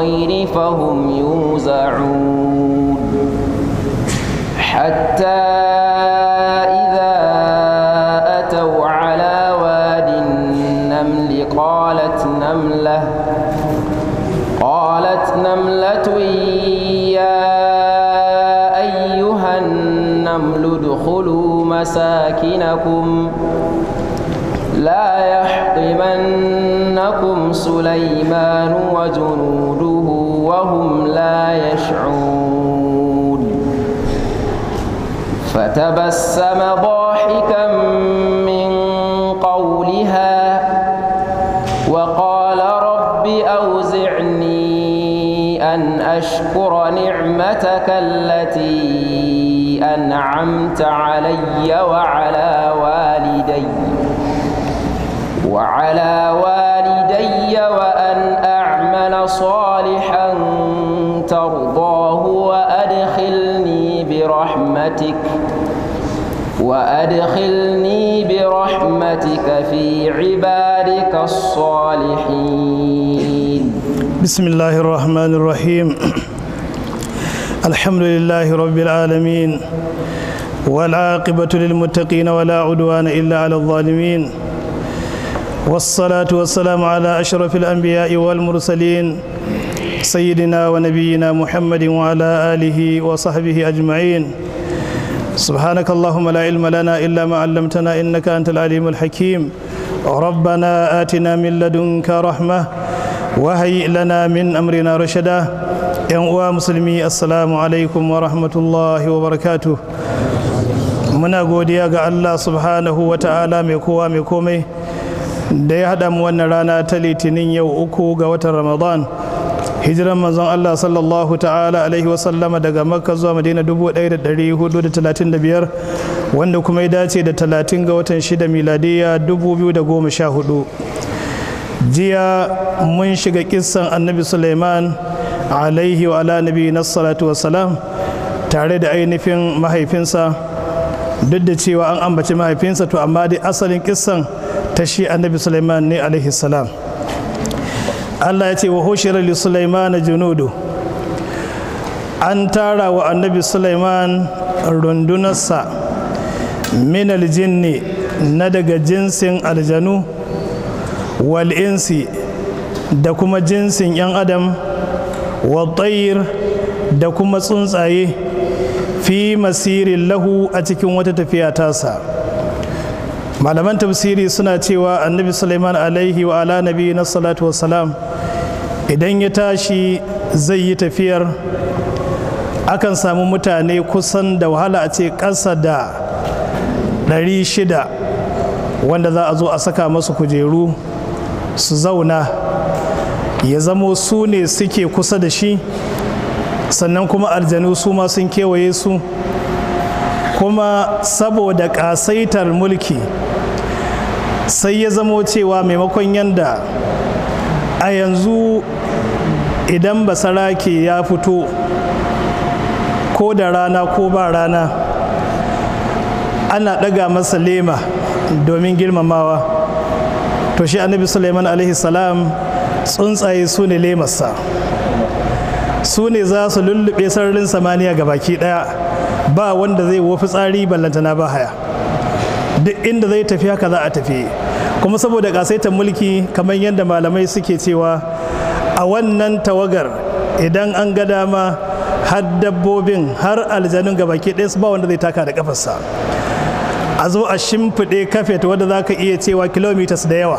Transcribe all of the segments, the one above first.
الخير فهم يوزعون حتى إذا أتوا على واد النمل قالت نملة قالت نملة يا أيها النمل ادخلوا مساكنكم لا يحطمنكم سليمان وجنود فتبسم ضاحكا من قولها وقال رب أوزعني أن أشكر نعمتك التي أنعمت علي وعلى والدي وعلى والدي وأن أعمل صالحا ترضاه وأدخلني برحمتك وأدخلني برحمتك في عبادك الصالحين بسم الله الرحمن الرحيم الحمد لله رب العالمين والعاقبة للمتقين ولا عدوان إلا على الظالمين والصلاة والسلام على أشرف الأنبياء والمرسلين سيدنا ونبينا محمد وعلى آله وصحبه أجمعين سبحانك اللهم لا علم لنا إلا ما علمتنا إنك أنت العليم الحكيم ربنا آتنا من لدنك رحمة وهيئ لنا من أمرنا رشدا يا مسلمي السلام عليكم ورحمة الله وبركاته من godiya ga Allah subhanahu wa ta'ala mai kowa mai komai da ya haɗa mu wannan rana ta litinin yau uku ga watan ramadan hijiran manzon Allah sallallahu ta'ala alaihi wasallama daga makka zuwa madina 1435 wanda kuma ya dace da 30 ga watan 6 miladiya 2014 jiya mun shiga kissan annabi suleiman alaihi wa ala nabi na salatu wasalam tare da ainihin mahaifinsa duk da cewa an ambaci mahaifinsa to amma dai asalin kissan ta shi annabi suleiman ne alaihi salam Allah ya ce wa hushira li Sulaiman junudu an tara wa annabi Sulaiman rundunarsa min aljinni na daga jinsin aljanu wal insi da kuma jinsin yan adam wa da kuma tsuntsaye fi masirin lahu a cikin wata tafiya tasa malaman tafsiri suna cewa annabi Sulaiman alaihi wa ala nabi na salatu wa salam idan ya tashi zai yi tafiyar akan samu mutane kusan da wahala a ce ƙasa da 600 wanda za a zo a saka masu kujeru su zauna ya zamo su ne suke kusa da shi sannan kuma aljanu su ma sun kewaye su kuma saboda ƙasaitar mulki sai ya zamo cewa maimakon yanda a yanzu idan basarake ya fito ko da rana ko ba rana ana ɗaga masa lema domin girmamawa to shi annabi suleiman alaihi salam tsuntsaye su ne lemarsa su ne za su lullube sararin samaniya ga baki ɗaya ba wanda zai wofi tsari ballantana ba haya duk inda zai tafi haka za a tafi kuma saboda ƙasaitar mulki kamar yadda malamai suke cewa a wannan tawagar idan an ga dama har dabbobin har aljanun ke ɗaya su ba wanda zai taka da kafarsa a zo a shimfiɗe kafet wadda za ka iya cewa kilomitas da yawa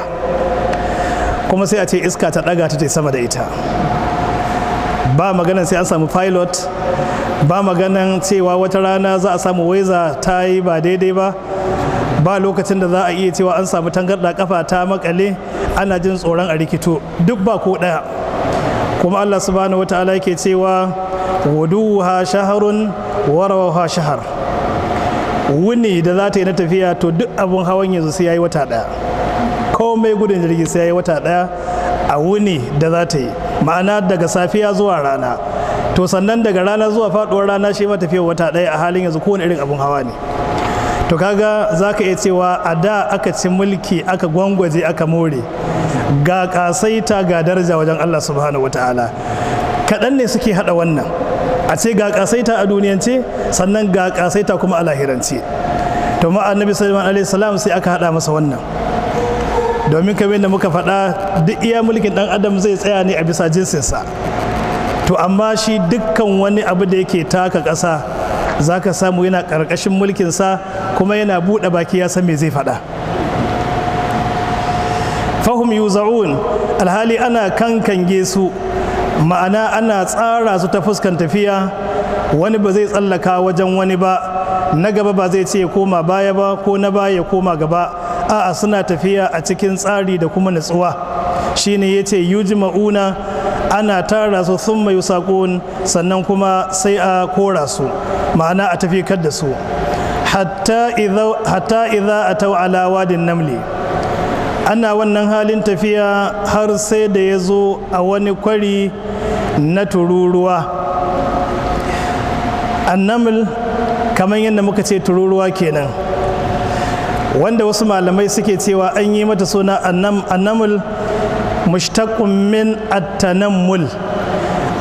kuma sai a ce iska ta ɗaga ta sama da ita ba maganan sai an samu pilot ba maganan cewa wata rana za a samu waiza ta yi ba daidai ba ba lokacin da za a iya cewa an samu tangarɗa kafa ta makale ana jin tsoron a rikito duk ba ko ɗaya kuma Allah subhanahu wataala yake cewa wuduha shaharun warawaha shahar wuni da za ta yi na tafiya to duk abun hawan yanzu sai yayi wata daya komai gudun jirgin sai yayi wata daya a wuni da za ta yi ma'ana daga safiya zuwa rana to sannan daga rana zuwa faduwar rana shi ma tafiya wata daya a halin yanzu kowane irin abun hawa ne to kaga zaka iya cewa a da aka ci mulki aka gwangwaje aka more ga kasaita ga daraja wajen Allah subhanahu wataala kaɗan ne suke haɗa wannan a ce ga kasaita a duniyance sannan ga kasaita kuma a lahirance to ma annabi sallallahu alaihi wasallam sai aka haɗa masa wannan domin kamar da muka faɗa duk iya mulkin ɗan adam zai tsaya ne a bisa jinsinsa to amma shi dukkan wani abu da yake taka ƙasa za ka samu yana ƙarƙashin mulkinsa kuma yana buɗe baki ya san me zai faɗa yuzaun alhali ana kankange su ma'ana ana tsara su ta fuskan tafiya wani ba zai tsallaka wajen wani ba na gaba ba zai ce koma baya ba ko na baya koma gaba a'a suna tafiya a cikin tsari da kuma nutsuwa shine yace ma'una ana tara su sun mai saƙon sannan kuma sai a kora su ma'ana a tafi da su hatta idza a ala wadin namli ana wannan halin tafiya har sai da ya zo a wani kwari na tururuwa annamil kamar yadda muka ce tururuwa kenan wanda wasu malamai suke cewa an yi mata suna annamul mushtaqun min attanammul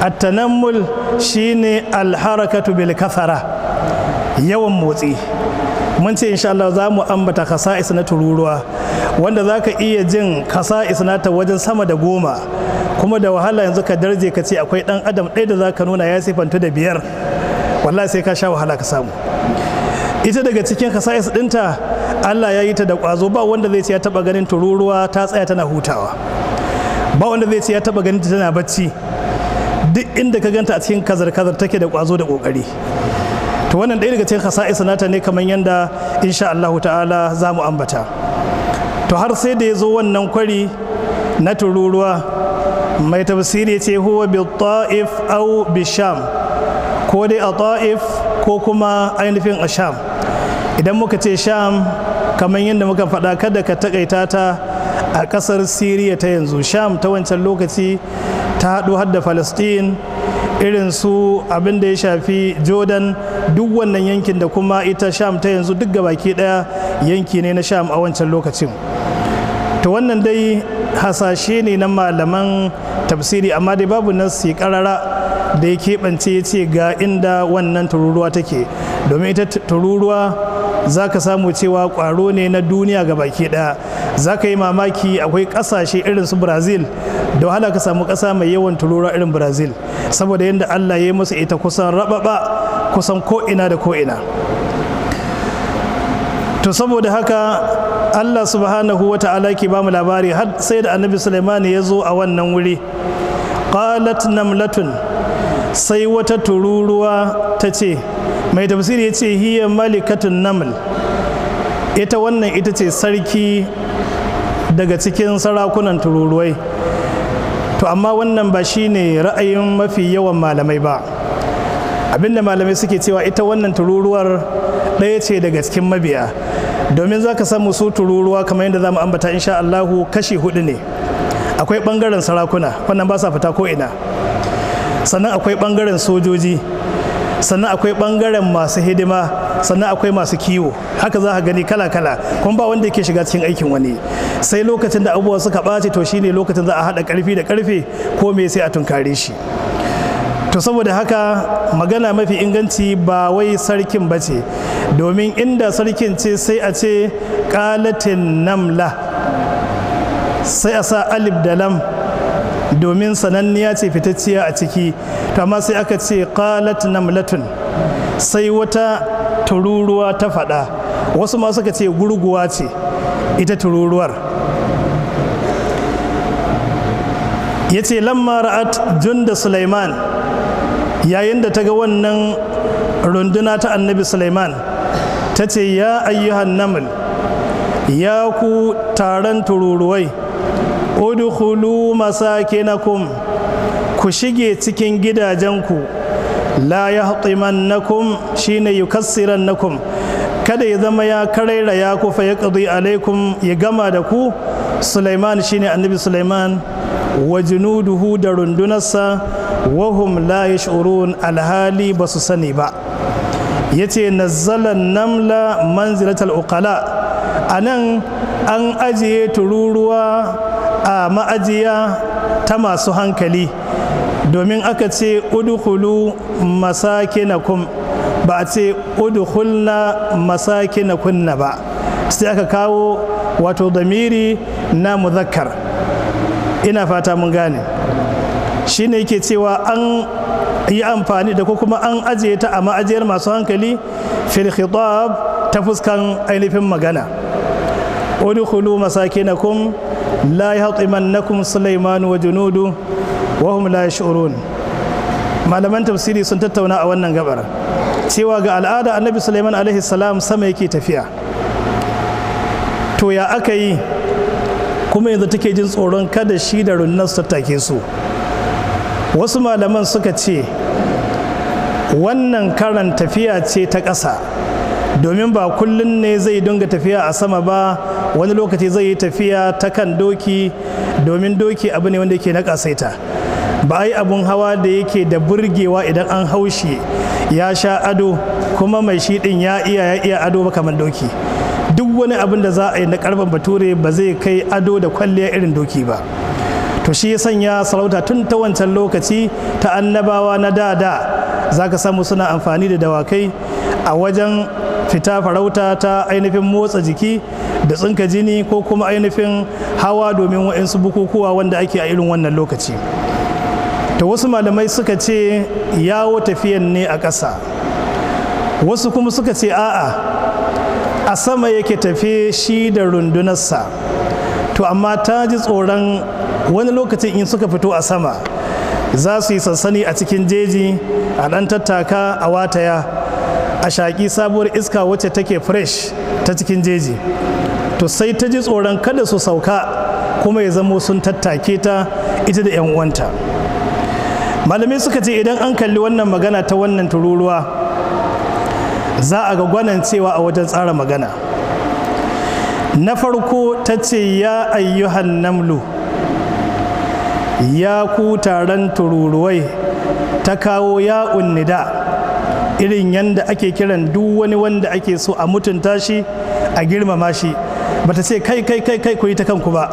attanammul shine alharakatu bil yawan motsi mun ce insha Allah za mu ambata khasa'is na tururuwa wanda za ka iya jin kasa isnata wajen sama da goma kuma da wahala yanzu ka darje ka ce akwai dan adam ɗaya da za ka nuna ya sifantu da biyar wallahi sai ka sha wahala ka samu ita daga cikin kasa'is ɗinta allah ya yi ta da ƙwazo ba wanda zai ce ya taɓa ganin tururuwa ta tsaya tana hutawa ba wanda zai ce ya taɓa ganin ta tana bacci duk inda ka ganta a cikin kazar-kazar take da ƙwazo da ƙoƙari to wannan ɗaya daga cikin kasa'is nata ne kamar yadda insha allahu ta'ala za mu ambata to har sai da ya zo wannan kwari na tururuwa mai tafsiri ce huwa bi ta'if au bi sham ko dai a ta'if ko kuma ainihin a sham idan muka ce sham kamar yadda muka faɗa kada ka takaita ta a ƙasar siriya ta yanzu sham ta wancan lokaci ta haɗu har da palestine irin su abin da ya shafi jordan duk wannan yankin da kuma ita sham ta yanzu duk baki ɗaya yanki ne na sham a wancan lokacin to wannan dai hasashe ne na malaman tafsiri amma dai babu ya karara da ya keɓance ya ce ga inda wannan tururuwa take domin ita tururuwa za ka samu cewa ƙwaro ne na duniya ga baki ɗaya za ka yi mamaki akwai ƙasashe irin su brazil da wahala ka samu ƙasa mai yawan tururuwa irin brazil saboda yadda allah ya yi musu ita kusan raɓaɓa kusan ko'ina da ko'ina to saboda haka Allah subhanahu wa ta'ala ke ba mu labari har sai da annabi Sulaiman ya zo a wannan wuri qalat namlatun sai wata tururuwa ta ce mai tafsiri ya ce hiya malikatun naml ita wannan ita ce sarki daga cikin sarakunan tururuwai to amma wannan ba shi ne ra'ayin mafi yawan malamai ba abinda malamai suke cewa ita wannan tururuwar ɗaya ce daga cikin mabiya domin za ka samu su tururuwa kamar yadda za mu ambata insha Allahu kashi hudu ne akwai ɓangaren sarakuna wannan ba sa fita ko ina sannan akwai ɓangaren sojoji sannan akwai ɓangaren masu hidima sannan akwai masu kiwo haka za ka gani kala-kala kuma ba wanda yake shiga cikin aikin wani sai lokacin da abubuwa suka ɓace to shine lokacin za a haɗa ƙarfi da ƙarfe ko me sai a tunkare shi to saboda haka magana mafi inganci ba wai sarkin ba ce domin inda sarkin ce sai a ce kalatin namla sai a sa alif da lam domin sananniya ce fitacciya a ciki to amma sai aka ce kalat namlatun sai wata tururuwa ta faɗa wasu ma suka ce gurguwa ce ita tururuwar ya ce lamma ra'at junda Suleiman. yayin da ta ga wannan runduna ta annabi suleiman ta ce ya ayyuhan naml ya ku taron tururuwai udkhulu masakinakum ku shige cikin gidajenku la yahtimannakum shine yukassirannakum kada ya zama ya karaira ya kufa ya qadi alaikum ya gama da ku Sulaiman shine annabi Suleiman? wa junuduhu da rundunarsa wahum la yash'urun alhali ba su sani ba yace nazzalan namla manzilatal a nan an ajiye tururuwa a ma'ajiya ta masu hankali domin aka ce na masakinakum ba a ce na kunna ba sai aka kawo wato damiri na muzakkar ina fata mun gane shi ne yake cewa an yi amfani da ko kuma an ajiye ta a ma'ajiyar masu hankali fil khitab ta fuskan ainihin magana Wani na layi masakinakum na kun sulaimanu wa junudu wa hum la shi'urun malaman tafsiri sun tattauna a wannan gabar cewa ga al'ada annabi sulaiman alaihi salam sama yake tafiya to ya aka yi kuma yanzu take jin tsoron kada shi da su take su wasu malaman suka ce wannan karan tafiya ce ta ƙasa domin ba kullun ne zai dinga tafiya a sama ba wani lokaci zai yi tafiya ta kan doki domin doki abu ne wanda yake na ƙasaita ba a yi abun hawa da yake da burgewa idan an haushi ya sha ado kuma mai shi ɗin ya iya ya iya ado ba kamar doki duk wani abin da za a yi na karfan bature ba zai kai ado da kwalliya irin doki ba to shi ya sanya sarauta tun ta wancan lokaci ta annabawa na dada za ka samu suna amfani da dawakai a wajen fita farauta ta ainihin motsa jiki da tsinka jini ko kuma ainihin hawa domin waɗansu bukukuwa wanda ake a irin wannan lokaci to wasu malamai suka ce yawo tafiyan ne a ƙasa wasu kuma suka ce a'a a sama yake tafe shi da rundunarsa to amma ta ji tsoron wani lokacin in suka fito a sama za su yi sansani a cikin jeji a ɗan tattaka a wataya a shaƙi sabuwar iska wacce take fresh ta cikin jeji to sai ta ji tsoron kada su sauka kuma ya zamo sun tattake ta ita da 'yan uwanta malamai suka ce idan an kalli wannan magana ta wannan tururuwa za a ga gwanancewa a wajen tsara magana na farko ta ce ya ayyuhan namlu ya ku taron tururuwai ta kawo ya unnida irin yadda ake kiran duk wani wanda ake so a mutunta shi a girmama shi ba ta ce kai kai kai kai ku yi ta kanku ba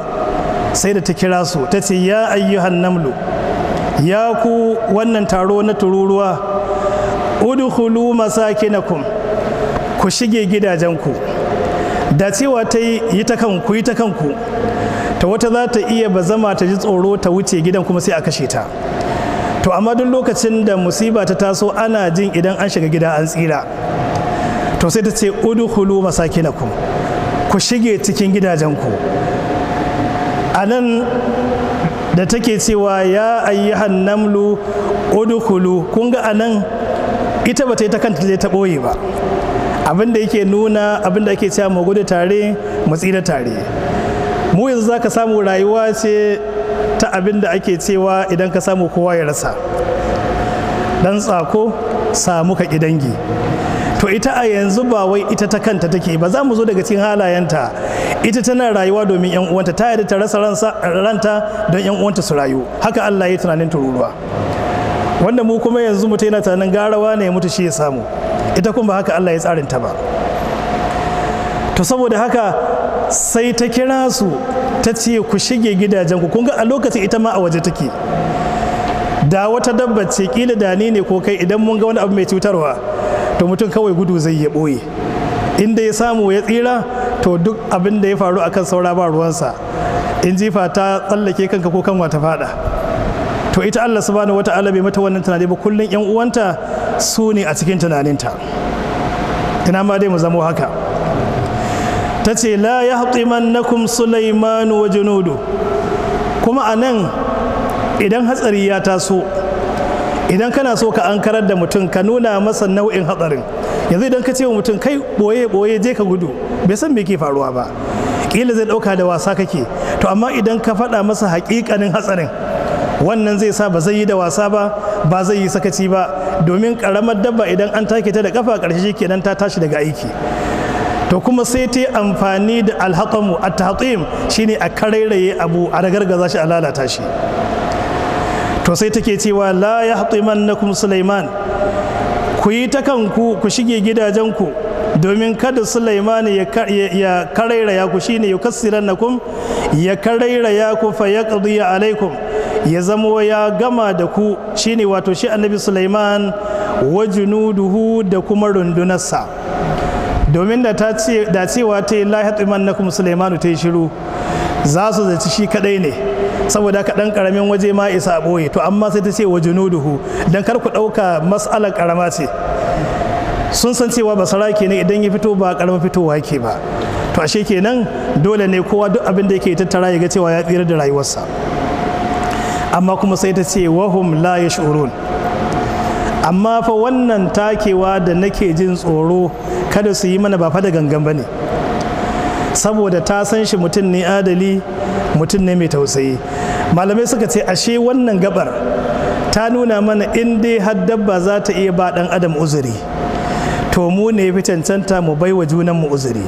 sai da ta kira su ta ce ya ayyuhan namlu ya ku wannan taro na tururuwa udkhulu masakinakum ku shige gidajenku da cewa ta yi ta kanku yi ta kanku ta wata za ta iya ba zama ta ji tsoro ta wuce gidan kuma sai a kashe ta to amma duk lokacin da musiba ta taso ana jin idan an shiga gida an tsira to sai ta ce udkhulu masakinakum ku shige cikin gidajenku a nan da take cewa ya ayyuhan namlu udkhulu kun ga anan ita bata yi ta kanta ta ɓoye ba abin da yake nuna abin da ake cewa mu gudu tare mu tsira tare mu yanzu za ka samu rayuwa ce ta abin da ake cewa idan ka samu kowa ya rasa dan tsako samu ka dangi to ita a yanzu ba wai ita ta kanta take ba za mu zo daga cikin halayenta ita tana rayuwa domin yan uwanta ta yarda ta rasa ranta don yan uwanta su rayu haka Allah ya tunanin tururuwa wanda mu kuma yanzu mutai yana tunanin garawa ne ya mutu shi ya samu ita kuma haka Allah ya ta ba to saboda haka sai ta kira su ta ce ku shige gidajen ku ga a lokacin ita ma a waje take da wata dabba ce kila da ni ne ko kai idan mun ga wani abu mai cutarwa to mutum kawai gudu zai ya ɓoye inda ya samu ya tsira to duk abin da ya faru akan saura ba ruwansa in jifa ta tsallake kanka ko kanwa ta fada to ita Allah subhanahu wata'ala bai mata wannan tunani ba kullun yan uwanta su ne a cikin tunaninta ina ma dai mu zamo haka ta ce la ya haƙimannakum sulaimanu wa junudu kuma a nan idan hatsari ya taso idan kana so ka ankarar da mutum ka nuna masa nau'in hatsarin yanzu idan ka ce wa mutum kai boye boye je ka gudu bai san me ke faruwa ba Ƙila zai ɗauka da wasa kake to amma idan ka faɗa masa haƙiƙanin hatsarin wannan zai sa ba zai yi da wasa ba ba zai yi sakaci ba domin karamar dabba idan an take ta da kafa karshe kenan ta tashi daga aiki to kuma sai ta yi amfani da alhaƙamu a taƙim ne a karairaye abu a ragargaza shi a lalata shi to sai take cewa la ya haƙiman na kuma suleiman ku yi ta kanku ku shige gidajenku domin kada suleiman ya karairaya ku shi ne ya kassiran na kum ya karairaya ku fa ya alaikum ya zamo ya gama da ku shine wato shi annabi Sulaiman wa junuduhu da kuma rundunarsa domin da ta ce da cewa ta na kuma Sulaiman ta shiru za su zaci shi kadai ne saboda ka dan karamin waje ma isa boye to amma sai ta ce wa junuduhu dan kar ku dauka mas'alar karama ce sun san cewa ba sarake ne idan ya fito ba karamin fitowa yake ba to ashe kenan dole ne kowa duk abin da yake tattara ya ga cewa ya tsira da rayuwarsa amma kuma sai ta ce wahum la yash'urun amma fa wannan takewa da nake jin tsoro kada su yi mana ba fa da gangan bane saboda ta san shi mutum ne adali mutum ne mai tausayi malamai suka ce ashe wannan gabar ta nuna mana in dai har dabba za ta iya ba dan adam uzuri to mu ne fi cancanta mu baiwa junan mu uzuri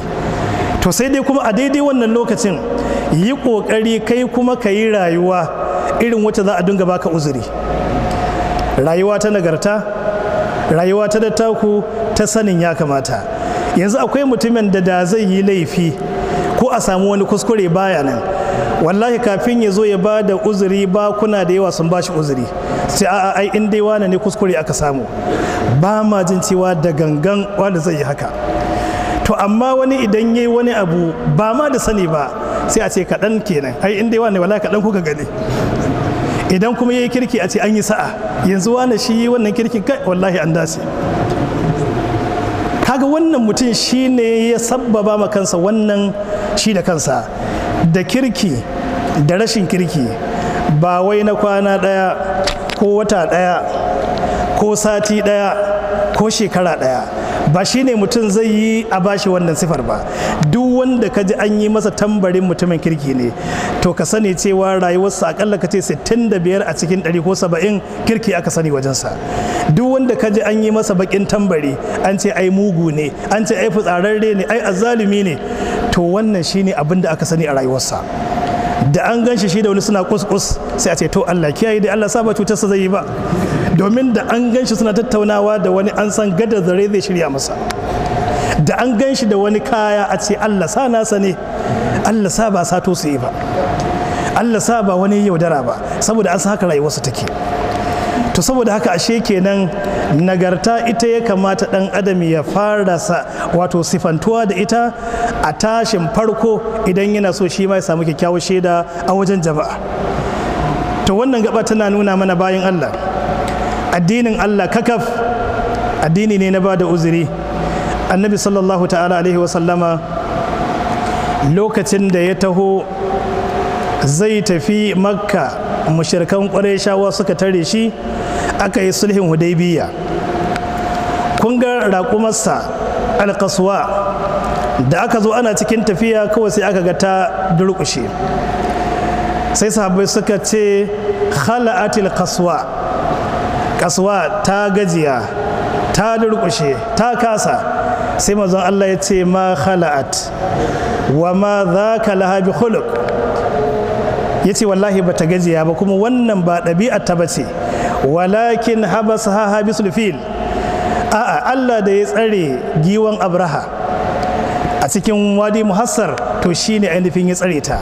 to sai dai kuma a daidai wannan lokacin yi kokari kai kuma ka yi rayuwa irin wacce za a dinga baka uzuri rayuwa ta nagarta rayuwa ta dattaku ta sanin ya kamata yanzu akwai mutumin da da zai yi laifi ko a samu wani kuskure baya nan wallahi kafin ya zo ya ba da uzuri ba kuna da yawa sun ba shi uzuri sai a ai inda yawa ne kuskure aka samu ba ma jin cewa da gangan wanda zai yi haka to amma wani idan yi wani abu ba ma da sani ba sai a ce kaɗan kenan ai inda yawa ne wallahi kaɗan kuka gani idan kuma ya yi kirki a ce an yi sa'a yanzu wane shi yi wannan kirkin kai wallahi an dace kaga wannan mutum shi ne ya sabbaba ma kansa wannan shi da kansa da kirki da rashin kirki ba wai na kwana ɗaya ko wata ɗaya ko sati ɗaya ko shekara ɗaya ba shi ne mutum zai yi a bashi wannan sifar ba duk wanda ka ji an yi masa tambarin mutumin kirki ne to ka sani cewa rayuwarsa akalla ka ce 65 a cikin 100 ko 70 kirki aka sani wajensa duk wanda ka ji an yi masa bakin tambari an ce ai mugu ne an ce ai fitsararre ne ai azalimi ne to wannan ne abin da aka sani a rayuwarsa da an gan shi shi da wani suna kuskus sai a ce to Allah kiyaye dai Allah sa ba cutarsa zai yi ba domin da an gan shi suna tattaunawa da wani an san gada zare zai shirya masa da an gan shi da wani kaya a ce allah sa nasa ne allah sa ba sato su yi ba allah sa ba wani yaudara ba saboda an san haka su take to saboda haka ashe kenan nagarta ita ya kamata dan adam ya fara sa wato sifantuwa da ita a tashin farko idan yana so shi ma ya samu kyakkyawar shaida a wajen jama'a to wannan gaba tana nuna mana bayan Allah addinin Allah kakaf addini ne na ba da uzuri annabi sallallahu ta'ala alaihi wasallama lokacin da ya taho zai tafi makka mushirkan shawa suka tare shi aka yi sulhin hudaybiya kun ga raƙumarsa alkaswa da aka zo ana cikin tafiya kawai sai aka ga ta durƙushe sai sahabai suka ce khala'atil kaswa kasuwa ta gajiya ta durkushe ta kasa sai mazan Allah ya ce ma khala'at wa ma za ka laha bi ya ce wallahi ba ta gajiya ba kuma wannan ba ɗabi'ar ta bace walakin habas ha habisul fil a'a Allah da ya tsare giwan abraha a cikin wadi muhassar to shine ainihin ya tsare ta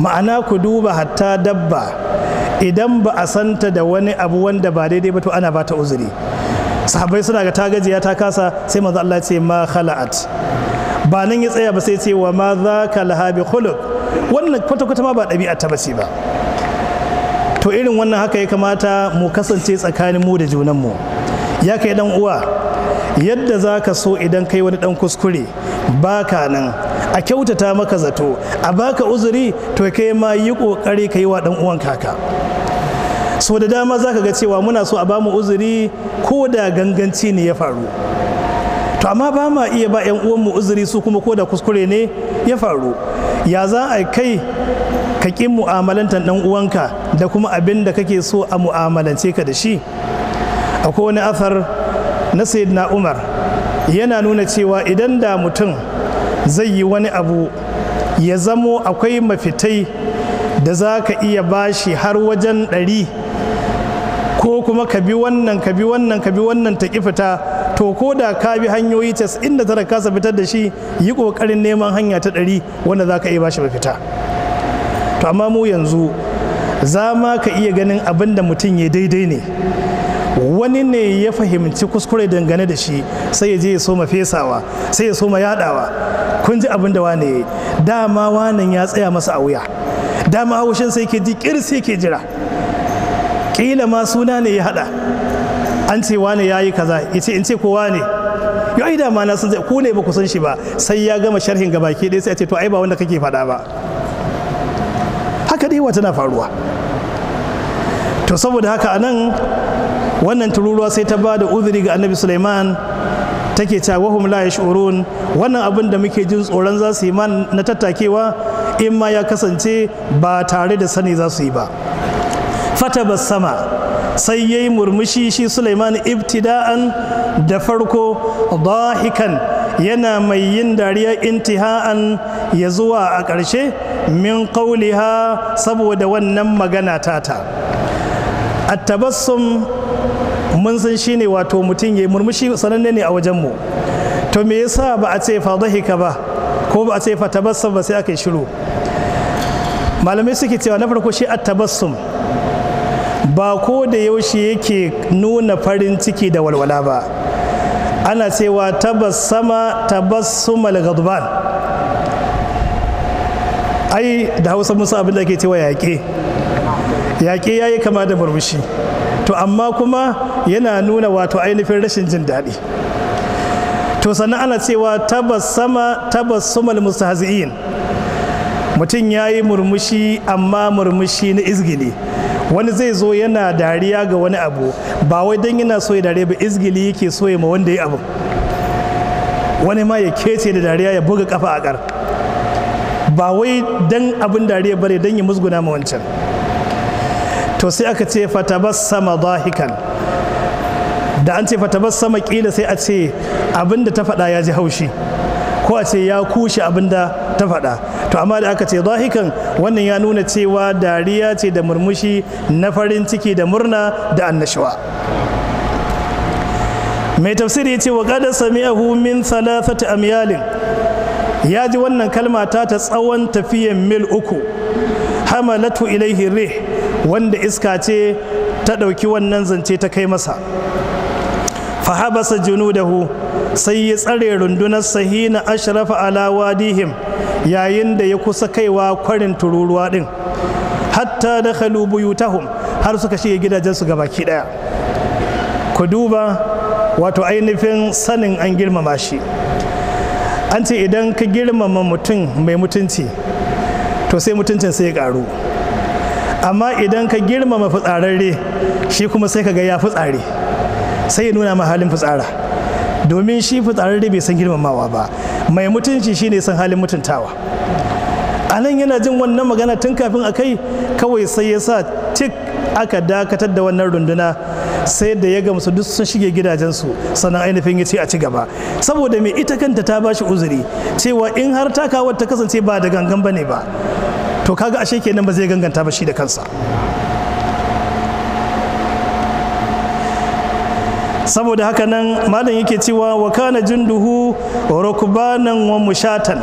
ma'ana ku duba hatta dabba idan ba a santa da wani abu wanda ba daidai ba to ana bata uzuri Sahabai suna ga ta gajiya ta kasa sai manzo Allah ya ce ma khala'at ba nan ya tsaya ba sai ce wa ma za ka laha bi khuluq wannan kwata kwata ma ba ɗabi'a ta bace ba to irin wannan haka ya kamata mu kasance tsakanin mu da junan mu ya kai dan uwa yadda za ka so idan kai wani dan kuskure baka nan a kyautata maka zato a baka uzuri to kai ma yi kokari ka yi wa dan uwan kaka so da dama zaka ga cewa muna so a bamu uzuri ko da ganganci ne ya faru to amma ba ma iya ba 'yan uwanmu uzuri su kuma ko da kuskure ne ya faru ya za a kai ka ƙi mu'amalanta ɗan uwanka da kuma abin da kake so a mu'amalance ka da shi akwai wani athar na sayyidina umar yana nuna cewa idan da mutum zai yi wani abu ya zamo akwai mafitai da za ka iya bashi har wajen ɗari ko kuma ka bi wannan ka bi wannan ka bi wannan ta fita to ko da ka bi hanyoyi casa'in da tara kasa fitar da shi yi ƙoƙarin neman hanya ta ɗari wanda za ka iya bashi mafita to amma mu yanzu za ma ka iya ganin abin da mutum ya daidai ne wani ne ya fahimci kuskure dangane da shi sai ya je ya soma fesawa sai ya soma yadawa kun ji abin da wane ya dama wanan ya tsaya masa a wuya dama haushin sai ke ji kir sai ke jira kila ma suna ne ya hada an ce wane ya yi kaza ya in ce kowa ne yau ai dama na sun zai ku ne ba ku san shi ba sai ya gama sharhin gabaki ɗaya sai ya ce to ai ba wanda kake faɗa ba haka dai wata na faruwa to saboda haka a nan wannan tururuwa sai ta ba da uzuri ga annabi suleiman take ta wahum la yash'urun wannan abin da muke jin tsoron za su yi man na tattakewa in ma ya kasance ba tare da sani za su yi ba fata ba sama sai ya yi murmushi shi Sulaiman ibtida'an da farko dahikan yana mai yin dariya intiha'an ya zuwa a ƙarshe min qauliha saboda wannan magana tata attabassum mun san shine wato mutum ya murmushi sananne ne a wajenmu to me yasa ba a ce fadhahika ba ko ba a ce fatabassum ba sai aka yi shiru malamai suke cewa na farko shi attabassum ba ko da yaushe yake nuna farin ciki da walwala ba ana cewa tabassama tabassumal ghadban ai da hausa musa abin da ake cewa yaƙe yaƙe ya yi kama da murmushi to amma kuma yana nuna wato ainihin rashin jin daɗi to sannan ana cewa tabassama tabassumal mustahzi'in mutum ya yi murmushi amma murmushi na izgili wani zai zo yana dariya ga wani abu ba wai don yana so ya dariya ba izgili yake so ya ma wanda ya abu wani ma ya kece da dariya ya buga kafa a kar ba wai don abin dariya bare don ya musguna ma wancan to sai aka ce fatabassama dahikan da an ce fatabassama kila sai a ce abinda ta faɗa ya ji haushi ko a ce ya kushe abinda ta faɗa to amma da aka ce dahikan wannan ya nuna cewa dariya ce da murmushi na farin ciki da murna da annashuwa mai tafsiri ya ce wa kada sami'ahu min thalathati amyalin ya ji wannan kalma ta ta tsawon tafiyan mil uku hamalatu ilaihi rih wanda iska ce ta ɗauki wannan zance ta kai masa fahabasa junudahu sai ya tsare rundunar sahina ashrafa ala wadihim yayin da ya kusa kaiwa kwarin tururuwa ɗin hatta da buyutahum har suka shiga gidajensu ga baki ɗaya. ku duba wato ainihin sanin an girmama shi an ce idan ka girmama mutum mai mutunci to sai mutuncin sai ya ƙaru. amma idan ka girmama fitsararre shi kuma sai ka ga ya fitsare sai ya nuna ma halin fitsara domin shi fitsararre bai san girmamawa ba mai mutunci shi ne san halin mutuntawa a nan yana jin wannan magana tun kafin a kai kawai sai ya sa tik aka dakatar da wannan runduna sai da ya gamsu duk sun shige gidajensu sannan ainihin ya ce a ci gaba saboda mai ita kanta ta bashi uzuri cewa in har takawar ta kasance ba da gangan ba ne ba to kaga ashe kenan ba zai ganganta ba shi da kansa saboda haka nan malam yake cewa wa kana junduhu rukbanan wa mushatan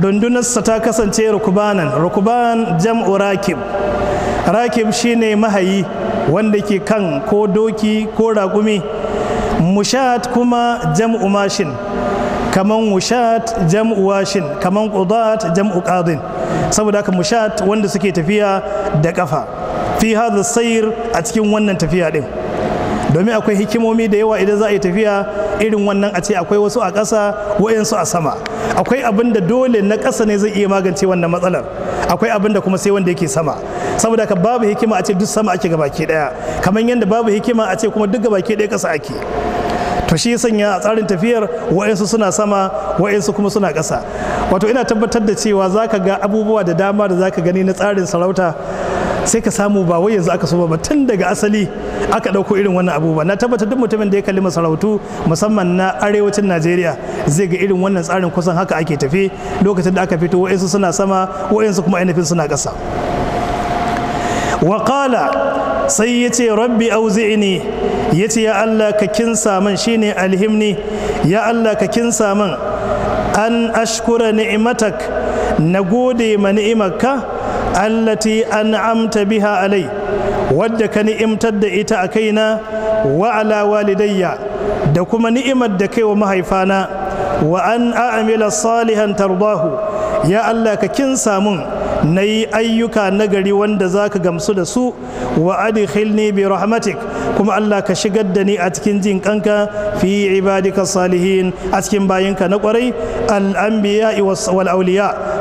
rundunarsa ta kasance rukbanan rukban jam'u rakib rakib shine mahayi wanda ke kan ko doki ko raƙumi mushat kuma jam'u mashin kaman wushat jam'u washin kaman qudat jam'u qadin saboda haka mushat wanda suke tafiya da kafa fi hadha sayr a cikin wannan tafiya din domin akwai hikimomi da yawa idan za a yi tafiya irin wannan a ce akwai wasu a ƙasa wayansu a sama akwai abin da dole na ƙasa ne zai iya magance wannan matsalar akwai abin da kuma sai wanda yake sama saboda ka babu hikima a ce duk sama ake gabaki daya kamar yadda babu hikima a ce kuma duk gabaki daya ƙasa ake to shi sanya a tsarin tafiyar wa'insu suna sama wa'insu kuma suna ƙasa wato ina tabbatar da cewa za ka ga abubuwa da dama da za ka gani na tsarin sarauta sai ka samu ba wai yanzu aka so ba tun daga asali aka ɗauko irin wannan abubuwa na tabbatar duk mutumin da ya kalli masarautu musamman na arewacin najeriya zai ga irin wannan tsarin kusan haka ake tafi lokacin da aka fito wa'insu suna sama wa'insu kuma ainihin suna ƙasa waƙala sai ya ce rabbi auzi'ni ya ce ya Allah ka kinsa man shine alhimni ya Allah ka kinsa man an ashkura ni'matak na gode ma ni'imarka allati an'amta biha alai wadda ka ni'imtar da ita a kaina wa ala walidayya da kuma ni'imar da kai wa mahaifana wa an a'amila salihan tardahu ya Allah ka kinsa mun na yi ayyuka nagari wanda za ka gamsu da su wa hilni bi rahmatik kuma Allah ka shigar da ni a cikin jin kanka fi ibadika salihin a cikin bayinka na kwarai al-anbiya wal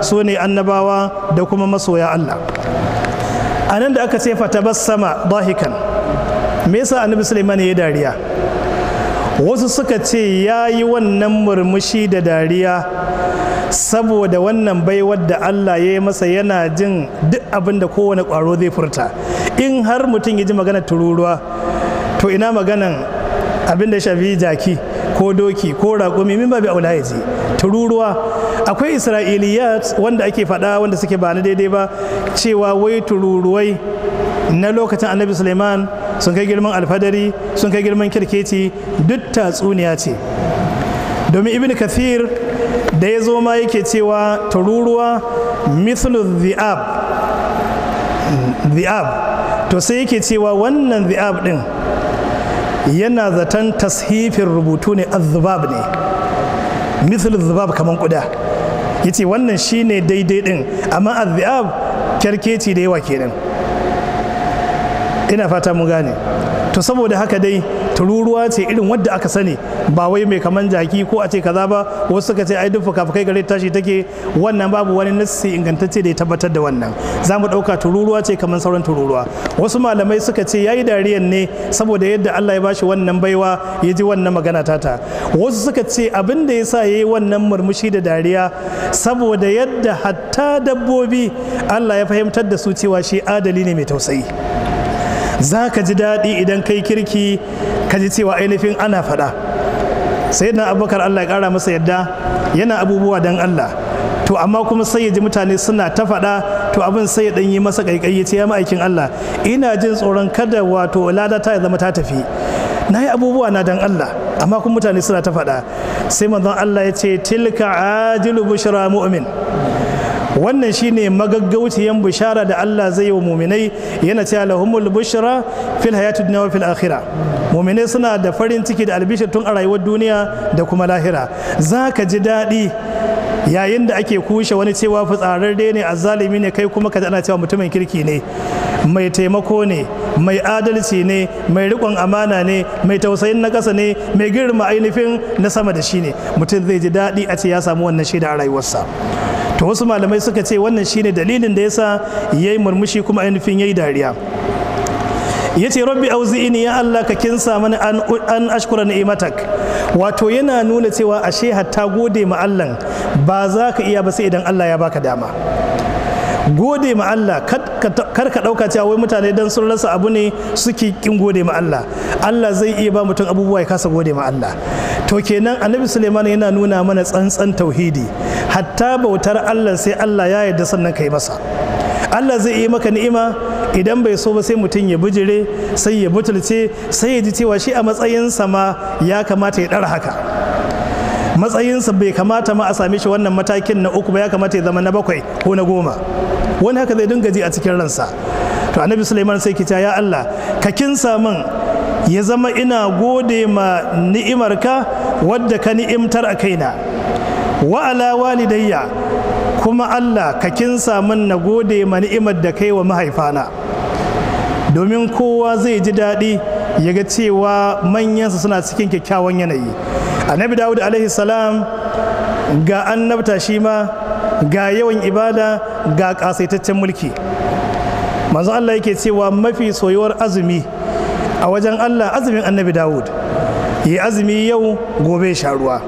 su ne annabawa da kuma masoya Allah a nan da aka ce sama dahikan me yasa annabi Sulaiman ya dariya wasu suka ce ya yi wannan murmushi da dariya saboda wannan baiwar da Allah ya yi masa yana jin duk abin da kowane ƙwaro zai furta in har mutum ya ji magana tururuwa to ina maganan abin da shafi jaki ko doki ko raƙumi min bi aula ya ji tururuwa akwai isra'iliyat wanda ake faɗa wanda suke ba na daidai ba cewa wai tururuwai na lokacin annabi suleiman sun kai girman alfadari sun kai girman kirkeci duk tatsuniya ce domin ibn kathir da ya zo ma yake cewa tururuwa mithlu dhi'ab dhi'ab to sai yake cewa wannan dhi'ab din yana zaton tashifin rubutu ne azzubab ne mithlu zubab kaman kuda yace wannan shine daidai din amma azzubab kyarkeci da yawa kenan ina fata mu gane to saboda haka dai tururuwa ce irin wadda aka sani ba wai mai kaman jaki ko a ce kaza ba wasu suka ce ai duk fuka-fukai gare tashi take wannan babu wani nassi ingantacce da ya tabbatar da wannan za mu ɗauka tururuwa ce kaman sauran tururuwa wasu malamai suka ce yayi dariyan ne saboda yadda Allah ya bashi wannan baiwa ya ji wannan magana tata wasu suka ce abin da ya sa ya yi wannan murmushi da dariya saboda yadda hatta dabbobi Allah ya fahimtar da su cewa shi adali ne mai tausayi za ka ji daɗi idan kai kirki ji cewa ainihin ana faɗa sai na abubakar allah ya kara masa yadda yana abubuwa don allah to amma kuma sai ya ji mutane suna ta faɗa to abin sai ya ɗan yi masa kaikayi ce ya ma'aikin allah ina jin tsoron kada wato lada ta ya zama ta tafi na yi abubuwa na don allah amma kuma mutane suna ta faɗa sai manzon allah ya ce tilka ajilu bushra mu'min wannan shine magaggauciyan bishara da Allah zai yi wa muminai yana cewa lahumul bushra fil hayati dunya wa fil akhirah muminai suna da farin ciki da albishir tun a rayuwar duniya da kuma lahira zaka ji daɗi yayin da ake kushe wani cewa dai ne zalimi ne kai kuma kaji ana cewa mutumin kirki ne mai taimako ne mai adalci ne mai riƙon amana ne mai tausayin na ƙasa ne mai girma ainihin na sama da shi ne mutum zai ji daɗi a ce ya samu wannan shaida a rayuwarsa to wasu malamai suka ce wannan shine dalilin da yasa yayi murmushi kuma ainihin yayi dariya yace ce rabbi auzi'ini ya Allah ka kinsa mana an ashkura ni'matak wato yana nuna cewa ashe hatta gode ma Allah ba za ka iya ba sai idan Allah ya baka dama gode ma Allah kar ka ɗauka cewa wai mutane dan sun rasa abu ne suke kin gode ma Allah Allah zai iya ba mutum abubuwa ya kasa gode ma Allah to kenan annabi Suleiman yana nuna mana tsantsan tauhidi hatta bautar Allah sai Allah ya yarda sannan kai masa Allah zai yi maka ni'ima idan bai so ba sai mutum ya bijire sai ya butulce sai ya ji cewa shi a matsayinsa ma ya kamata ya dara haka matsayinsa bai kamata ma a same shi wannan matakin na uku ba ya kamata ya zama na bakwai ko na goma wani haka zai dinga ji a cikin ransa to annabi sulaiman sai kita ya allah ka kinsa min ya zama ina gode ma ni'imarka wadda ka ni'imtar a kaina wa ala walidayya kuma allah ka kinsa min na gode ma ni'imar da kai wa mahaifana domin kowa zai ji daɗi ya ga cewa manyansa suna cikin kyakkyawan yanayi annabi dawud alaihi salam ga annabta shi ma ga yawan ibada ga kasaitaccen mulki manzo Allah yake cewa mafi soyuwar azumi a wajen Allah azumin annabi Dawud yi azumi yau gobe sha ruwa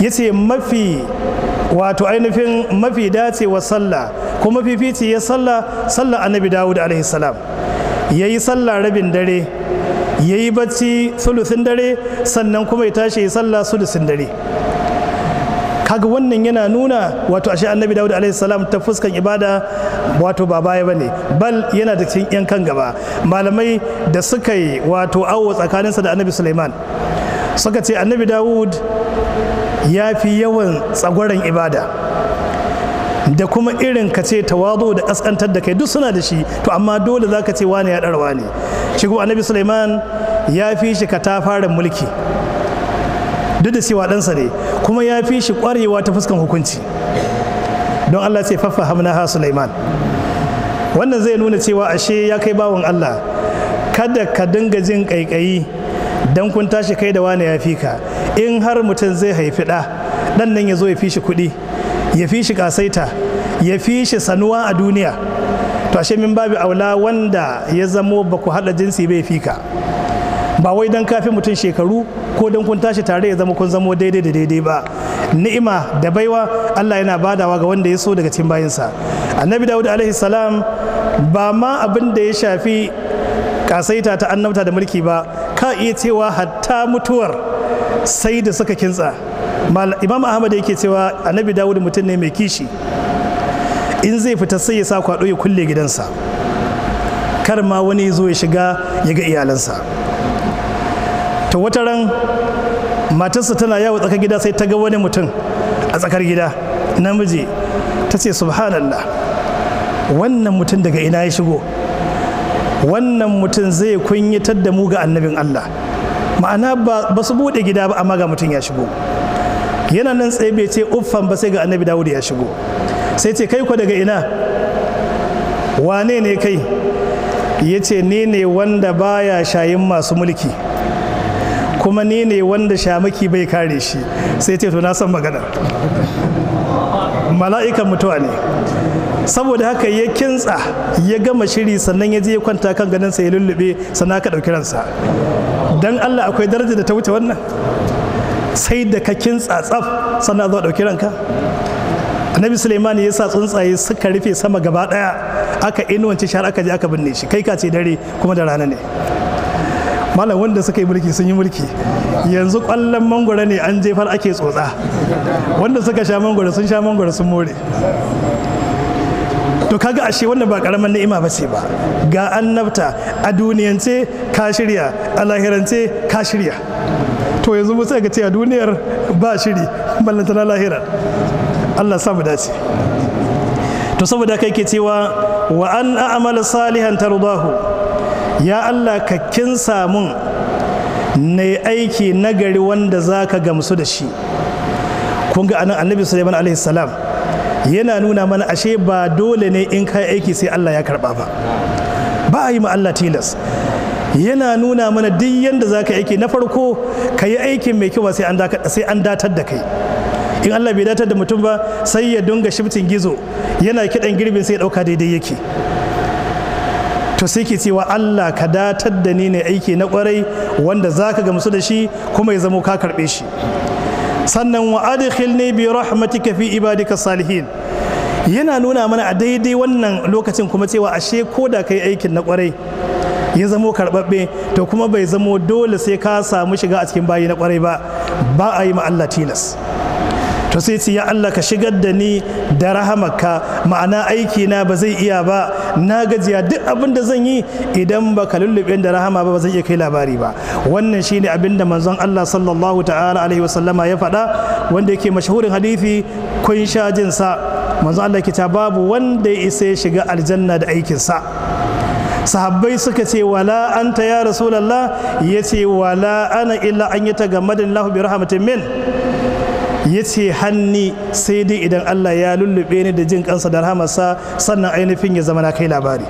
yace mafi wato ainihin mafi dacewa sallah ko mafi ya sallah sallah annabi Dawud alaihi salam yayi sallah rabin dare yayi bacci sulusin dare sannan kuma ya tashi ya sallah sulusin dare kaga wannan yana nuna wato ashe annabi dawud alaihi salam ta fuskan ibada wato ba baya bane bal yana da cikin yan kan gaba malamai da suka yi wato awo tsakaninsa da annabi suleiman suka ce annabi dawud ya fi yawan tsagwaron ibada da kuma irin ka ce tawazo da kaskantar da kai duk suna da shi to amma dole za ka ce wani ya ɗarwa ne shi kuma annabi suleiman ya fi shi ka ta fara mulki duk da cewa ɗansa ne kuma ya fi shi ƙwarewa ta fuskan hukunci don Allah sai faffa hamna ha Sulaiman wannan zai nuna cewa ashe ya kai bawan Allah kada ka dinga jin kaikayi, dan kun tashi kai da wani ya fi ka in har mutum zai haifi ɗa ɗan nan ya zo ya fi shi kuɗi ya fi shi ƙasaita ya fi shi sanuwa a duniya to ashe min babu aula wanda ya zamo ba ku haɗa jinsi bai fi ka ba wai dan kafin mutum shekaru ko don kun tashi tare ya zama kun zamo daidai da daidai ba ni'ima da baiwa Allah yana badawa ga wanda ya so daga cikin bayinsa annabi dawud alaihi salam ba ma abin da ya shafi kasaita ta annabta da mulki ba ka iya cewa hatta mutuwar sai da suka kintsa imam ahmad yake cewa annabi dawud mutum ne mai kishi in zai fita sai ya sa kwado ya kulle gidansa kar ma wani zo ya shiga ya ga iyalansa ta wata ran matarsa tana yawo tsakar gida sai ta ga wani mutum a tsakar gida namiji ta ce subhanallah wannan mutum daga ina ya shigo wannan mutum zai kunyatar da mu ga annabin Allah ma'ana ba su buɗe gida ba amma ga mutum ya shigo yana nan tsaye bai ce uffan ba sai ga annabi dawud ya shigo sai ce kai ko daga ina wane ne kai ya ce ne ne wanda baya shayin masu mulki kuma ni ne wanda shamaki bai kare shi sai ce to na san magana mala'ikan mutuwa ne saboda haka ya kintsa ya gama shiri sannan ya je ya kwanta kan ganin sa ya lullube sannan aka ɗauki ransa dan Allah akwai daraja da ta wuce wannan sai da ka kintsa tsaf sannan zuwa ɗauki ranka annabi suleiman ya sa tsuntsaye suka rufe sama gaba ɗaya aka inuwanci shar aka je aka binne shi kai ka ce dare kuma da rana ne malam wanda suka yi mulki sun yi mulki yanzu kwallon mangwara ne an jefar ake tsotsa wanda suka sha mangwara sun sha mangwara sun more to kaga ashe wanda ba karaman ni'ima ba ce ba ga annabta a duniyance ka shirya a lahirance ka shirya to yanzu mu sai ga ce a duniyar ba shiri ballanta na lahira Allah sa mu dace to saboda kai ke cewa wa an a'mala salihan tardahu ya Allah ka kinsa mun ne aiki nagari wanda za ka gamsu da shi kun anan annabi Sulaiman alaihi salam yana nuna mana ashe ba dole ne in kai aiki sai Allah ya karba ba ba a yi ma Allah tilas yana nuna mana duk yanda za ka aiki na farko ka yi aikin mai kyau sai an datar da kai in Allah bai datar da mutum ba sai ya dunga shiftin gizo yana kiɗan girbin sai ya ɗauka daidai yake to sai ke cewa Allah ka datar da ni ne aiki na kwarai wanda za ka gamsu da shi kuma ya zamo ka karɓe shi sannan wa ni bi rahmatika fi ibadika salihin yana nuna mana a daidai wannan lokacin kuma cewa ashe ko da kai aikin na kwarai ya zamo karɓaɓɓe to kuma bai zamo dole sai ka samu shiga a cikin bayi na kwarai ba ba a yi ma Allah tilas to sai ce ya Allah ka shigar da ni da rahamarka ma'ana aiki na ba zai iya ba na gajiya duk abin da zan yi idan ba ka lullube da rahama ba ba zai iya kai labari ba wannan shine abin da manzon Allah sallallahu ta'ala alaihi wasallama ya faɗa wanda yake mashahurin hadisi kun sha jin sa manzon Allah ta babu wanda ya isa ya shiga aljanna da aikin sa sahabbai suka ce wala anta ya rasulullah yace wala ana illa an yata gamadin lahu bi rahmatin min ya ce hanni sai dai idan Allah ya lullube ni da jin kansa da rahamarsa sannan ainihin ya zama na kai labari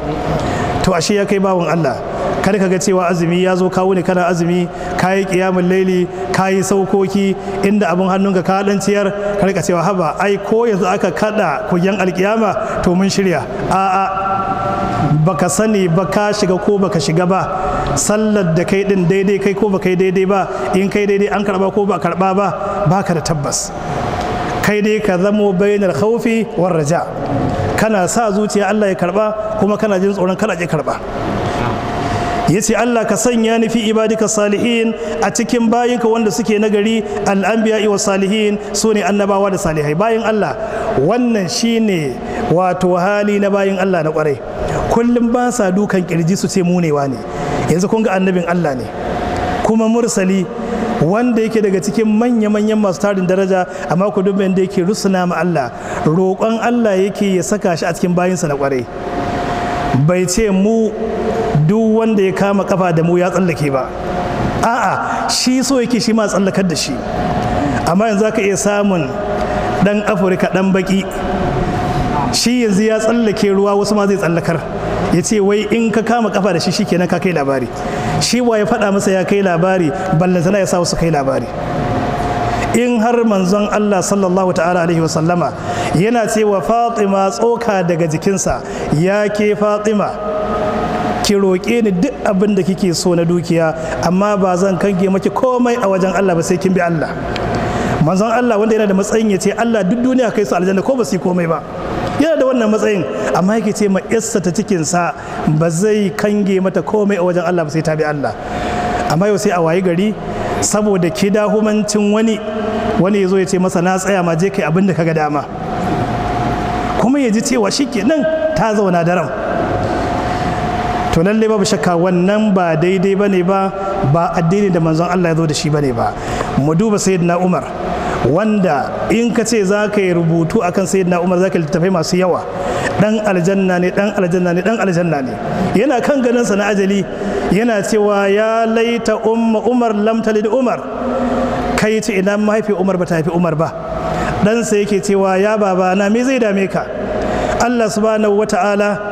to ashe ya kai bawan Allah kar ka ga cewa azumi ya zo kawo ne kana azumi ka yi kiyamun laili ka yi saukoki inda abin hannunka ka dan ciyar ka cewa haba ai ko yanzu aka kaɗa kuyan alkiyama to mun shirya a'a baka sani baka shiga ko baka shiga ba sallar da kai din daidai kai ko ba kai daidai ba in kai daidai an karba ko ba karba ba baka da tabbas kai dai ka zamo bainar khawfi war raja kana sa zuciya Allah ya karba kuma kana jin tsoron kada ya karba yace Allah ka sanya ni fi ibadika salihin a cikin bayinka wanda suke nagari al'anbiya wa salihin su ne annabawa da salihai bayin Allah wannan shine wato hali na bayin Allah na kwarai kullum ba sa dukan kirji su ce munewa ne yanzu kun ga annabin Allah ne kuma mursali wanda yake daga cikin manya-manyan masu tarin daraja a mako dubban da yake rusuna ma Allah roƙon Allah yake ya saka shi a cikin bayinsa na kwarai bai ce mu duk wanda ya kama kafa da mu ya tsallake ba a'a shi so yake shi ma tsallakar da shi amma yanzu aka iya samun ɗan afirka dan baki shi yanzu ya tsallake ruwa wasu ma zai tsallakar ya ce wai in ka kama kafa da shi kenan ka kai labari shi wa ya faɗa masa ya kai labari ballantana ya sa wasu kai labari in har manzon Allah sallallahu ta'ala alaihi wasallama yana cewa Fatima tsoka daga jikinsa ya ke Fatima ki roƙe ni duk abin da kike so na dukiya amma ba zan kange maki komai a wajen Allah ba sai kin bi Allah manzon Allah wanda yana da matsayin ya ce Allah duk duniya kai su aljanna ko ba su komai ba yana da wannan matsayin amma yake ce ma ta cikinsa ba zai kange mata komai a wajen Allah ba sai ta bi Allah amma yau sai a wayi gari saboda kidahumancin wani wani ya zo ya ce masa na tsaya ma je kai abin da kaga dama kuma ya ji cewa shi nan ta zauna daram to lallai babu shakka wannan ba daidai bane ba ba addini da manzon Allah ya zo da shi bane ba mu duba sayyidina Umar wanda in ka ce za ka yi rubutu akan sayyidina umar za ka littafai masu yawa dan aljanna ne dan aljanna ne dan aljanna ne yana kan ganin sa na ajali yana cewa ya laita umma umar lam talid umar kai ce idan mahaifi umar ba ta haifi umar ba dan sa yake cewa ya baba na me zai dame ka Allah subhanahu wata'ala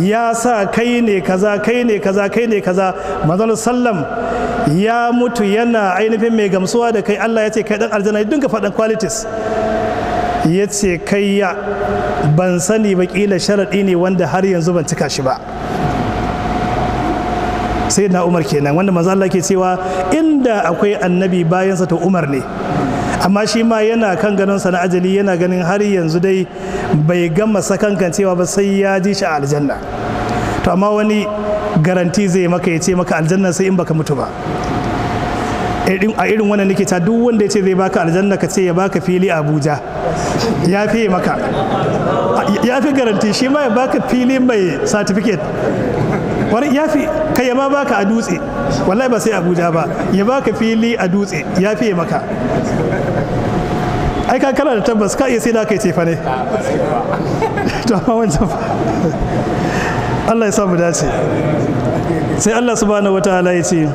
ya sa kai ne kaza kai ne kaza kai ne kaza manzon sallam ya mutu yana ainihin mai gamsuwa da kai Allah ya ce kai dan aljanna ga faɗan qualities ya ce kai ya ban sani ba kila sharaɗi ne wanda har yanzu ban cika shi ba sai na umar kenan wanda manzo Allah ke cewa inda akwai annabi bayansa to umar ne amma shi ma yana kan ganin sana ajali yana ganin har yanzu dai bai gama sakankan cewa ba sai ya ji shi a aljanna to amma wani garanti zai maka ya ce maka aljanna sai in baka mutu ba a irin wannan nake ta duk wanda ya ce zai baka aljanna ka ce ya baka fili a abuja ya fi maka ya fi garanti shi ma ya baka fili mai certificate wani ya fi ka ya ma baka a dutse wallahi ba sai abuja ba ya baka fili a dutse ya fi maka ai ka kana da tabbas ka iya sai da kai cefa ne to amma wancan Allah ya sa mu dace sai Allah subhanahu wataala ya ce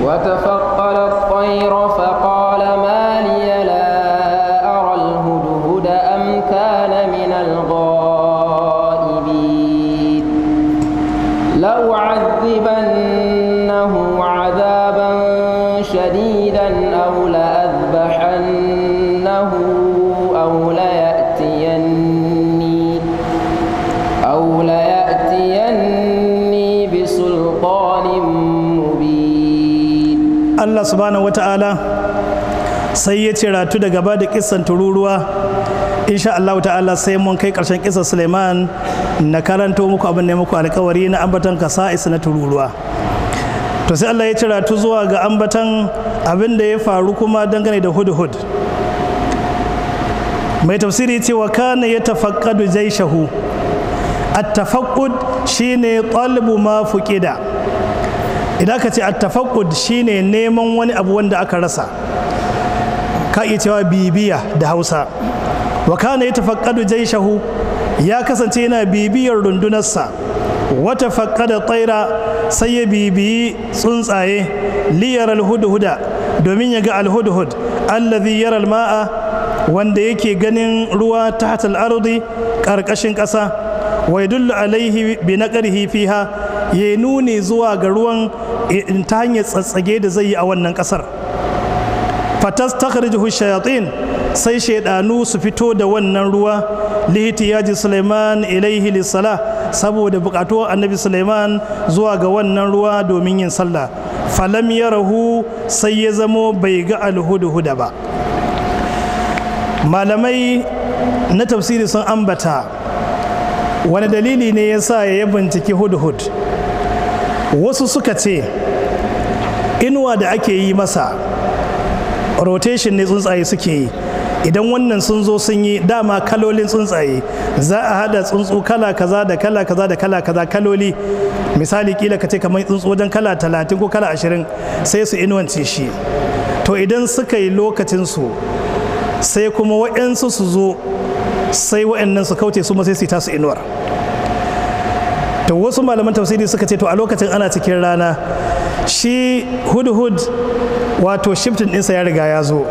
وتفقد الطير فقال ما لي لا أرى الهدهد أم كان من الغار Allah subhanahu wata'ala sai ya ce ratu da gaba da kisan tururuwa insha Allah ta'ala sai mun kai karshen kisan Suleiman na karanto muku abin da muku alƙawari na ambatan kasa'is na tururuwa to sai Allah ya ce ratu zuwa ga ambatan abin da ya faru kuma dangane da hudhud mai tafsiri cewa kana ya tafaqqadu jaishahu at-tafaqqud shine talbu ma fuqida idan ka ce shi shine neman wani abu wanda aka rasa ka iya cewa bibiya da hausa wa kana jai shahu ya kasance yana bibiyar rundunarsa wata faƙada tsaira sai ya bibiyi tsuntsaye liyar alhudhuda domin ya ga alhudhud allazi yara alma'a wanda yake ganin ruwa ta al arzi ƙarƙashin ƙasa wa dullu alaihi bi na ƙarhi fiha ya nuni zuwa ga ruwan eh, ta hanyar tsatsage da zai yi a wannan kasar. fatas takhrijuhu shayatin sai shaidanu su fito da wannan ruwa lihiti ji suleiman ilaihi lissala saboda a annabi suleiman zuwa ga wannan ruwa domin yin sallah falam ya rahu sai ya zamo bai ga alhuduhuda ba malamai na tafsiri sun ambata wani dalili ne ya sa ya binciki hudhud wasu suka ce inuwa da ake yi masa rotation ne tsuntsaye suke yi idan wannan sun zo sun yi dama kalolin tsuntsaye za a hada tsuntsu kala kaza da kala kaza da kala kaza kaloli misali kila ka ce kamar tsuntsu wajen kala talatin ko kala ashirin sai su inuwance shi to idan suka yi lokacinsu sai kuma waɗansu su zo sai waɗannan su kauce su ma sai su yi tasu inuwar to wasu malaman tafsiri suka ce to a lokacin ana cikin rana shi hudhud wato shiftin ɗinsa ya riga ya zo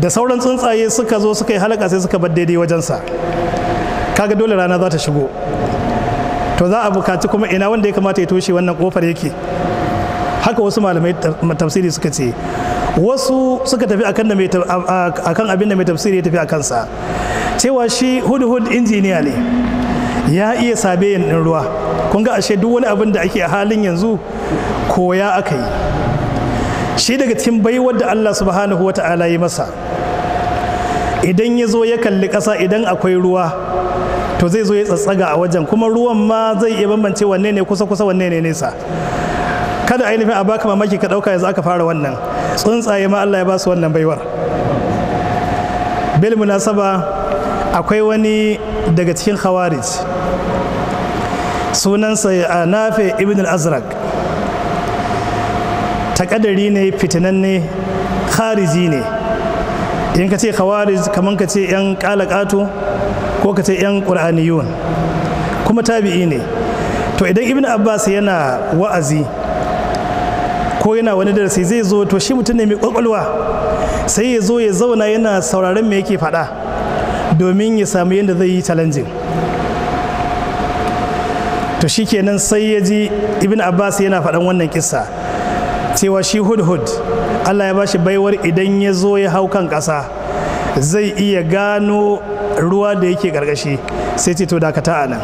da sauran tsuntsaye suka zo suka yi halaka sai suka bar daidai wajensa kaga dole rana za ta shigo to za a bukaci kuma ina wanda ya kamata ya toshe wannan kofar yake haka wasu malamai tafsiri suka ce wasu suka tafi akan abin da mai tafsiri ya tafi a kansa cewa shi hudhud injiniya ne ya iya yin ɗin ruwa kun ga ashe duk wani abin da ake a halin yanzu koya aka yi shi daga cikin baiwar da Allah subhanahu wa ta'ala yi masa idan ya zo ya kalli ƙasa idan akwai ruwa to zai zo ya tsatsaga a wajen kuma ruwan ma zai iya bambance wanne ne kusa kusa wanne ne nesa kada ainihin a baka mamaki ka ɗauka yanzu aka fara wannan tsuntsaye ma Allah ya ba su wannan baiwar bil munasaba akwai wani daga cikin khawarij sunansa a eh, nafe ibn al-azraq takadari ne fitinanne khariji ne in ka ce khawarij kamar ka ce 'yan kalakato ko ka ce 'yan ƙur'aniyun kuma tabi'i ne to idan ibn abbas yana wa'azi ko yana wani darasi zai zo to shi mutum ne mai kwakwalwa sai ya zo ya zauna yana sauraron me yake faɗa domin ya samu yadda zai yi challenging to shi kenan sai ya ji ibn abbas yana faɗan wannan kissa cewa shi hudhud allah ya bashi baiwar idan ya zo ya hau kan ƙasa zai iya gano ruwa da yake ƙarƙashi sai ce to dakata a nan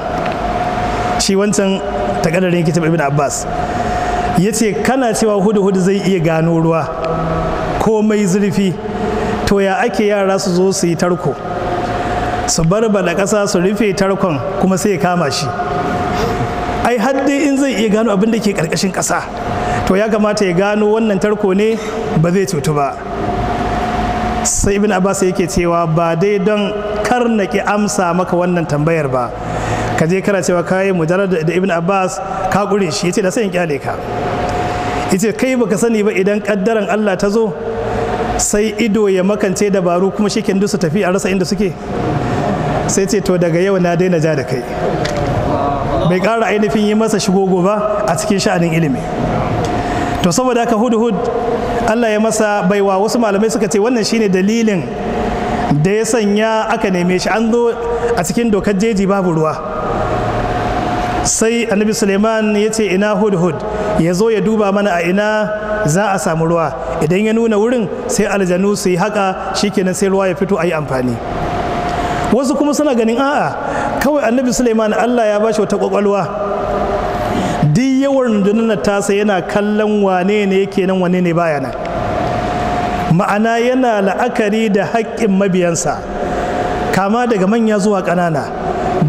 shi wancan takadarin kitab ibn abbas ya ce kana cewa hudhud zai iya gano ruwa ko mai zurfi to ya ake yara su zo su yi tarko su barbada kasa su rufe tarkon kuma sai ya kama shi ai haddi in zai iya gano abin da ke ƙarƙashin kasa to ya kamata ya gano wannan tarko ne ba zai cutu ba sai ibn abbas yake cewa ba dai don kar na ki amsa maka wannan tambayar ba ka je kana cewa kai mujarrad da ibn abbas ka gure shi yace da sai in kyale ka yace kai baka sani ba idan kaddaran Allah ta zo sai ido ya makance dabaru kuma shi duk su tafi a rasa inda suke sai ce to daga yau na daina ja da kai bai ƙara ainihin yi masa shigogo ba a cikin sha'anin ilimi to saboda haka hudhud Allah ya masa baiwa wasu malamai suka ce wannan shine dalilin da ya sanya aka neme shi an zo a cikin dokar jeji babu ruwa sai annabi suleiman ya ce ina hudhud ya zo ya duba mana a ina za a samu ruwa idan ya nuna wurin sai aljanu su yi haka shikenan sai ruwa ya fito a yi amfani wasu kuma suna ganin a'a kawai annabi suleiman allah ya bashi wata kwakwalwa duk yawan rundunar tasa yana kallon wane ne yake nan wane ne baya ma'ana yana la'akari da haƙƙin mabiyansa kama daga manya zuwa ƙanana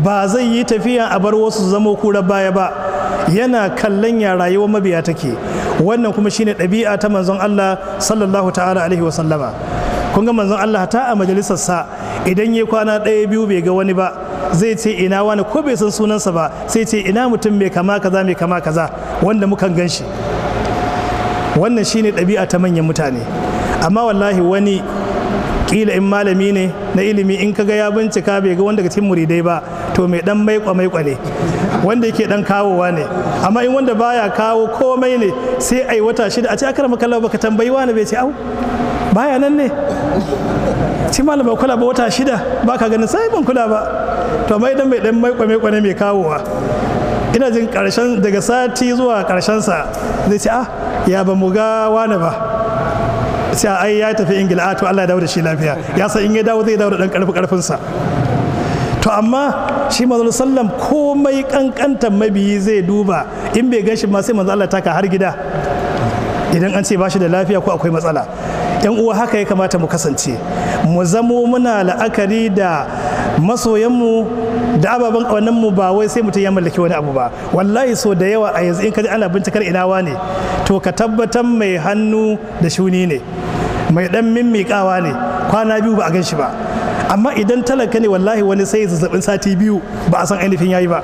ba zai yi tafiya a bar wasu zamo kura baya ba yana kallon ya rayuwar mabiya take wannan kuma shine ɗabi'a ta manzon Allah sallallahu ta'ala alaihi wasallama kun ga manzon Allah ta a majalisarsa idan ya kwana ɗaya biyu bai ga wani ba zai ce ina wani ko bai san sunansa ba sai ce ina mutum mai kama kaza mai kama kaza wanda mukan gan shi wannan shine ɗabi'a ta manyan mutane amma wallahi wani kila in malami ne na ilimi in ka ga ya bincika bai ga wanda cikin muridai ba to mai dan maikwa maikwa ne wanda yake dan kawowa ne amma in wanda baya kawo komai ne sai ai wata shida a ce akara ba baka tambayi wani bai ce au baya nan ne shi malam bai kula ba wata shida ba ka ganin sai ban kula ba to amma idan mai dan mai kwame kwane mai kawowa ina jin karshen daga sati zuwa karshen sa zai ce ah ya ba mu ga wani ba sai ai ya tafi ingila to Allah ya dawo da shi lafiya ya san in ya dawo zai dawo da dan karfi karfin sa to amma shi manzo sallam komai kankantan mabiyi zai duba in bai gan shi ma sai manzo Allah taka har gida idan an ce ba shi da lafiya ko akwai matsala yan uwa haka ya kamata mu kasance mu zamo muna la'akari da masoyanmu da ababen mu ba wai sai mutum ya mallaki wani abu ba wallahi so da yawa a yanzu in ka ji ana bincikar inawa ne to ka tabbatar mai hannu da shuni ne mai dan mimmiƙawa ne kwana biyu ba a gan shi ba amma idan talaka ne wallahi wani sai zazzabin sati biyu ba a san ainihin yayi ba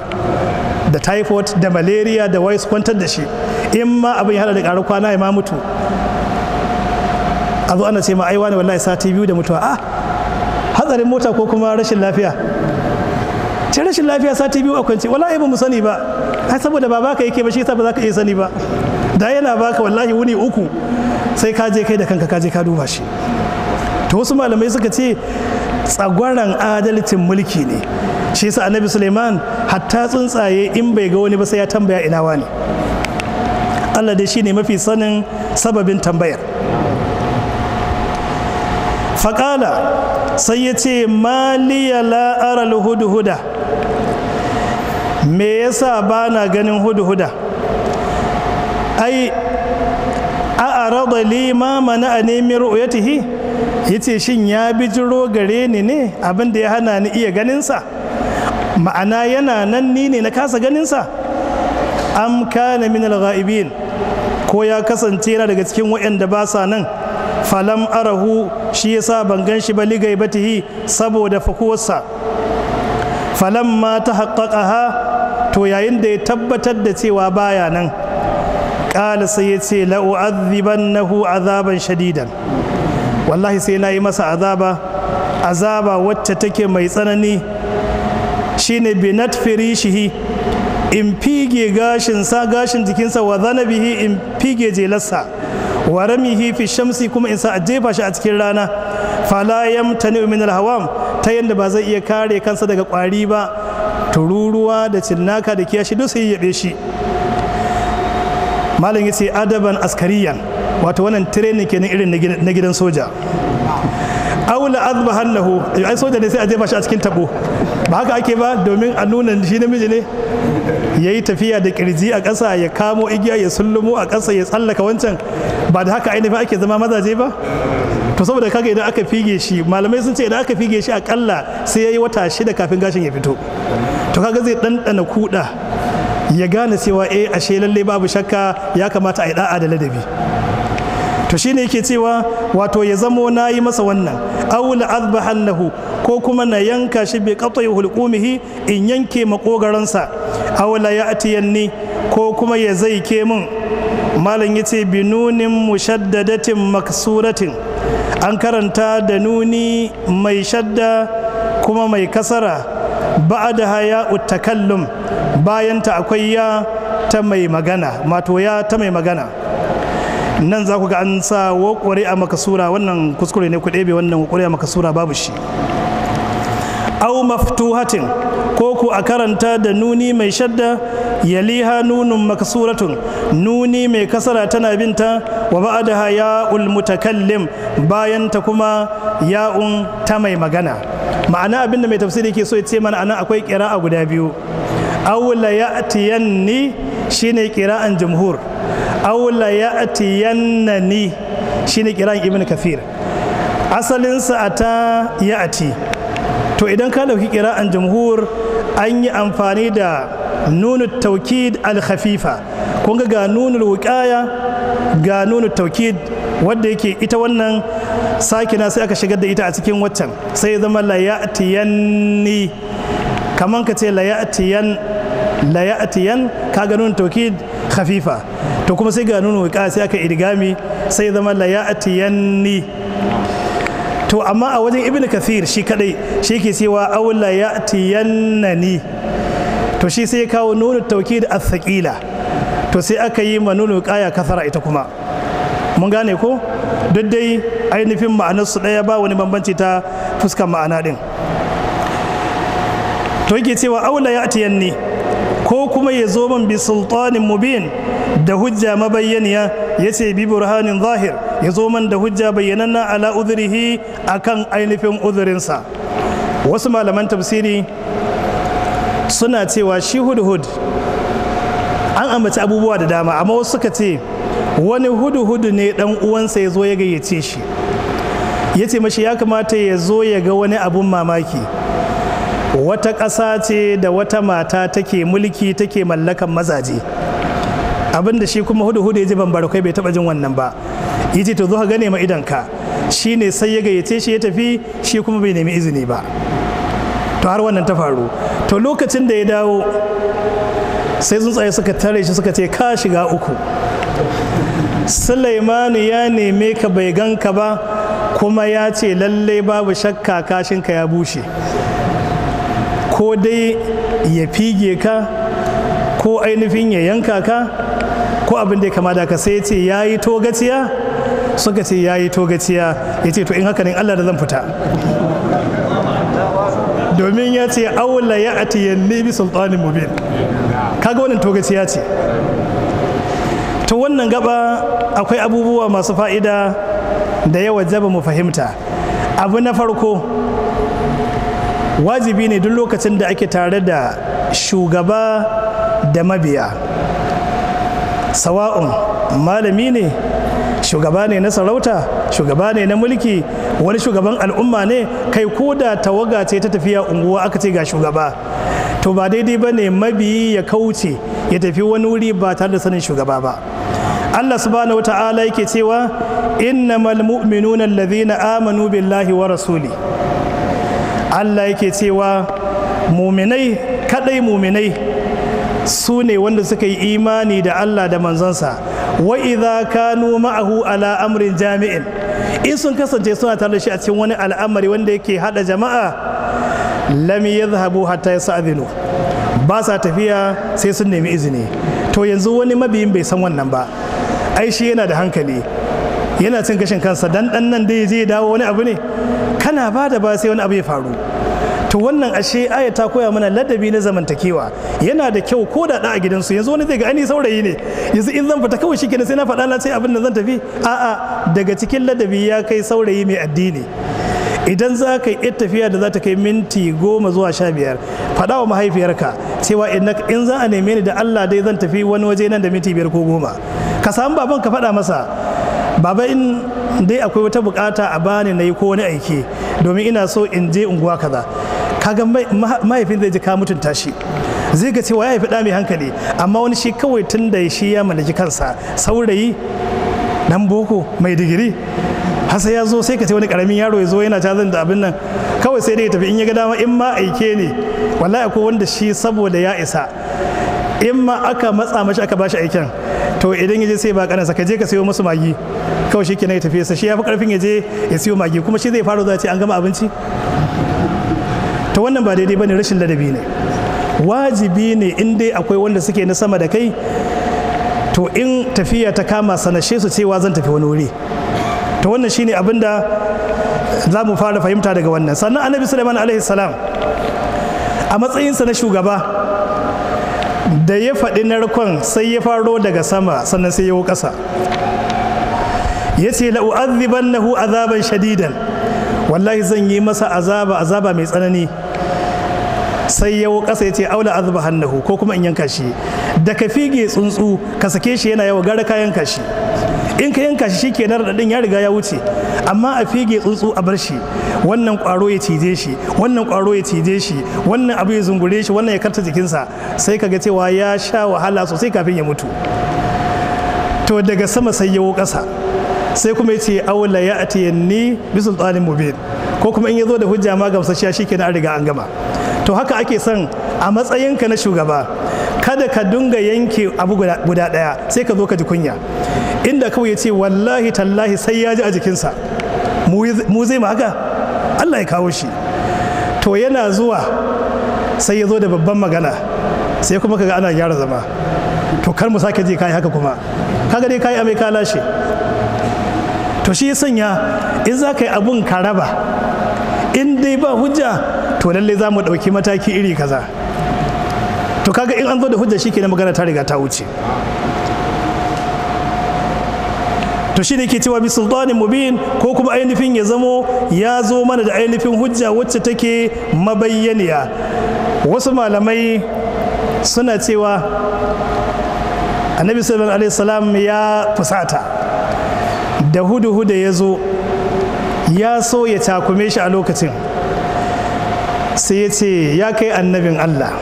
da typhoid da malaria da wais kwantar da shi in ma abin ya hada da ƙarar kwana ya ma mutu a zo ana ce ma aiwa wani wallahi sati biyu da mutuwa a ah, hatsarin mota ko kuma rashin lafiya ce rashin lafiya sati biyu a kwanci wallahi ba mu sani ba ai saboda ba baka yake ba shi yasa ba za ka iya sani ba da yana baka wallahi wuni uku sai ka je kai da kanka ka je ka duba shi to wasu malamai suka ce tsagwaran adalcin mulki ne shi yasa annabi suleiman hatta tsuntsaye in bai ga wani ba sai ya tambaya ina wani allah dai ne mafi sanin sababin tambayar faƙala sai ya ce maliya la'aral huda me ya sa ba na ganin hudu huda ai a arada lima mana a nemi ru'yatihi ya ce shin ya bi jiro gare ni ne abin ya hana ni iya ganinsa ma'ana yana nan ni ne na kasa ganinsa am kana min al ko ya kasance yana daga cikin waɗanda ba sa nan falam arahu shi yasa ban gan shi ba ligai batihi saboda fakuwarsa falamma ta haƙaƙaha to yayin da ya tabbatar da cewa baya nan ƙala sai ya ce na la'u'adhibannahu azaban shadidan wallahi sai na yi masa azaba azaba wacce take mai tsanani shi ne binat firishihi in fige gashinsa gashin jikinsa wa zanabihi in fige jelarsa wa fi shamsi kuma in sa a jefa shi a cikin rana fala yamtani min alhawam ta yanda ba zai iya kare kansa daga kwari ba tururuwa da cinnaka da kiyashi duk sai yabe shi malam yace adaban askariyan wato wannan training kenan irin na gidan soja aula azbahan lahu ai soja ne sai a jefa shi a cikin tabo ba haka ake ba domin a nuna shi namiji ne ya yi tafiya da kirji a ƙasa ya kamo igiya ya sullumo a ƙasa ya tsallaka wancan ba da haka ainihin ake zama mazaje ba to saboda kaga idan aka fige shi malamai sun ce idan aka fige shi akalla sai ya yi wata shida kafin gashin ya fito to kaga zai ɗanɗana kuɗa ya gane cewa eh ashe lalle babu shakka ya kamata a yi da'a da ladabi to shine yake cewa wato ya zamo na yi masa wannan Aula azbahannahu ko kuma na yanka shi bi qat'i hulqumihi in yanke makogaransa awla ya ya'tiyanni ko kuma ya zaike mun malam yace binunin mushaddadatin maksuratin an karanta da nuni mai shadda kuma mai kasara ba'da haya utakallum bayan ta akwai ya ta mai magana mato ya ta mai magana nan za ku ga an sa wa a makasura wannan kuskure ne ku ɗebe wannan wa a makasura babu shi au maftuhatin ko ku a karanta da nuni mai shadda yaliha nunun maksuratun nuni mai kasara tana binta wa ba'daha ya'ul mutakallim bayan ta kuma ya'un ta mai magana ma'ana abinda mai tafsiri ke so ya ce mana ana akwai a guda biyu aula ya'tiyanni shine kira'an jumhur aula ya'tiyannani shine an ibn kafir asalinsa ata ya'ti to idan ka kira an jamhur an yi amfani da nunu taukid al-khafifa kun ga nunul wuqaya ga nunu taukid wanda yake ita wannan sakina sai aka shigar da ita a cikin waccan sai zama layatiyanni kaman ka ce layatiyan layatiyan ka ga nunu taukid khafifa to kuma sai ga nunu wuqaya sai aka idgami sai zama layatiyanni to amma a wajen ibn kathir shi kadai shi ke cewa aula ya yannani to shi sai ya kawo nunu tauki da asakila to sai aka yi manunu kaya kasara ita kuma mun gane ko duk dai ainihin ma'anar su daya ba wani bambanci ta fuskar ma'ana din to yake cewa aula ya tiyanni ko kuma ya zo min bi sultanin mubin da hujja mabayyaniya yace bi burhanin zahir ya zo man da hujja bayyananna ala a kan ainihin uzurinsa wasu malaman tafsiri suna cewa shi hudhud an ambaci abubuwa da dama amma wasu suka ce wani hudu-hudu ne dan uwansa ya zo ya gayyace shi ya ce mashi ya kamata ya zo ya ga wani abun mamaki wata ƙasa ce da wata mata take mulki take mallakan mazaje abinda shi kuma hudu hudu ya ji bambara bai taɓa jin wannan ba yace to zo ka gane ma idan ka shine sai ya gayyace shi ya tafi shi kuma bai nemi izini ba to har wannan ta faru to lokacin da ya dawo sai tsuntsaye suka tare shi suka ce ka shiga uku Sulaimanu ya neme ka bai gan ka ba kuma ya ce lallai babu shakka kashinka ya bushe ko dai ya fige ka ko ainihin ya yanka ka ko abin da ya kama da ka sai ce ya yi togaciya suka ce ya yi togaciya ya ce to in haka ne allah da zan fita domin ya ce awla ya atiyan ne bi sultanin mubin kaga wannan togaciya ce to wannan gaba akwai abubuwa masu fa'ida da ya wajaba mu fahimta abu na farko wajibi ne duk lokacin da ake tare da shugaba da mabiya sawa'un malami ne shugaba ne na sarauta shugaba ne na mulki wani shugaban al'umma ne kai ko da tawaga ce ta tafiya unguwa aka ce ga shugaba to ba daidai ba ne mabiyi ya kauce ya tafi wani wuri ba tare da sanin shugaba ba Allah subhanahu wata'ala yake cewa innamal mu'minuna alladhina amanu billahi wa rasuli Allah yake cewa muminai kadai muminai su ne wanda suka yi imani da Allah da manzansa wa idza kanu ma'ahu ala amrin jami'in in sun kasance suna tare da shi a cikin wani al'amari wanda yake hada jama'a lam yadhhabu hatta yas'adinu ba sa tafiya sai sun nemi izini to yanzu wani mabiyin bai san wannan ba ai shi yana da hankali yana cin gashin kansa dan dan nan dai zai dawo wani abu ne kana ba da ba sai wani abu ya faru to wannan ashe aya ta koya mana ladabi na zamantakewa yana da kyau ko da a gidansu yanzu wani zai ga ani saurayi ne yanzu in zan fita kawai shikenan sai na faɗa na ce abin da zan tafi a'a daga cikin ladabi ya kai saurayi mai addini idan za ka yi tafiya da za ta kai minti goma zuwa sha biyar faɗa wa mahaifiyarka cewa in za a neme ni da allah dai zan tafi wani waje nan da minti biyar ko goma ka samu baban ka faɗa masa baba in dai akwai wata bukata a bani na yi ko wani aiki domin ina so in je unguwa kaza kaga mahaifin zai ji ka mutunta shi zai ga cewa ya haifi ɗa mai hankali amma wani shi kawai tun da shi ya mallaki kansa saurayi dan boko mai digiri hasa ya zo sai ka ce wani karamin yaro ya zo yana cazin da abin nan kawai sai dai ya tafi in ya ga dama in ma aike ne wallahi akwai wanda shi saboda ya isa in ma aka matsa mashi aka bashi aikin to idan ya je sai ba kanansa ka je ka sayo musu magi kawai shi kenan ya tafi sa shi ya fi karfin ya je ya siyo magi kuma shi zai faro za ce an gama abinci ta wannan ba daidai bane rashin ladabi ne wajibi ne in dai akwai wanda suke na sama da kai to in tafiya ta kama sanashe su cewa zan tafi wani wuri Ta wannan shine ne da za mu fara fahimta daga wannan sannan annabi suleiman alaihi salam a matsayinsa na shugaba da ya faɗi narkon sai ya faro daga sama sannan sai ya ƙasa ya ce la'u'azzibannahu azaban shadidan wallahi zan yi masa azaba azaba mai tsanani sai yawo ƙasa ya ce aula azba hannahu ko kuma in yanka shi da ka fige tsuntsu ka sake shi yana yawa gara ka yanka shi in ka yanka shi na radadin ya riga ya wuce amma a fige tsuntsu a bar shi wannan kwaro ya cije shi wannan kwaro ya cije shi wannan abu ya zungure shi wannan ya karta jikinsa sai ka ga cewa ya sha wahala sosai kafin ya mutu to daga sama sai yawo ƙasa sai kuma yace aula ya ati bisa tsanin sultanin mubin ko kuma in ya zo da hujja ma gamsashiya shikenan an riga an gama to haka ake son a matsayinka na shugaba kada ka dunga yanke abu guda daya sai ka zo ka ji kunya inda kawai ya ce wallahi tallahi sai ya ji a jikinsa mu zai ma haka Allah ya kawo shi to yana zuwa sai ya zo da babban magana sai kuma kaga ana gyara zama to kar mu sake je kai haka kuma kaga dai kai amai ka lashe to shi sanya in za ka yi abun ka raba in dai ba hujja to lallai za mu ɗauki mataki iri kaza to kaga in an zo da hujja shi kenan magana ta riga ta wuce to shi ne ke cewa bi sultanin mubin ko kuma ainihin ya zamo ya zo mana da ainihin hujja wacce take mabayyaniya wasu malamai suna cewa annabi sallallahu alaihi wasallam ya fusata da hudu-hudu ya zo ya so ya takume shi a lokacin sai ya ce ya kai annabin Allah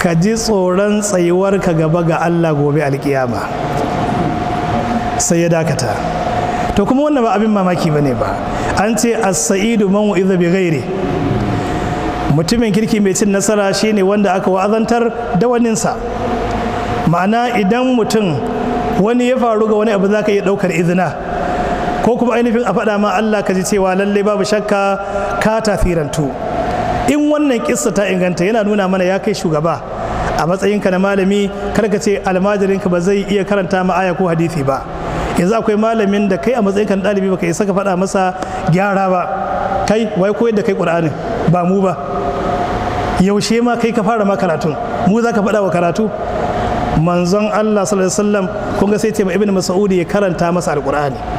ka ji tsoron tsayuwar ka gaba ga Allah gobe alkiyama sai ya dakata to kuma wannan ba abin mamaki ba ne ba an ce as-sa'idu man wa'iza bi ghairi mutumin kirki mai cin nasara shine wanda aka wa'azantar da waninsa ma'ana idan mutum wani ya faru ga wani abu zaka iya daukar izina ko kuma ainihin a faɗa ma Allah ka ji cewa lallai babu shakka ka tafirantu in wannan kissa ta inganta yana nuna mana ya kai shugaba a matsayinka na malami kar ka ce almajirinka ba zai iya karanta ma aya ko hadisi ba yanzu akwai malamin da kai a matsayinka na ɗalibi baka isa ka faɗa masa gyara ba kai wai koyar da kai ƙur'anin ba mu ba yaushe ma kai ka fara ma karatun mu za ka faɗa wa karatu manzon Allah sallallahu alaihi wasallam kun ga sai ce ibnu Mas'ud ya karanta masa alqur'ani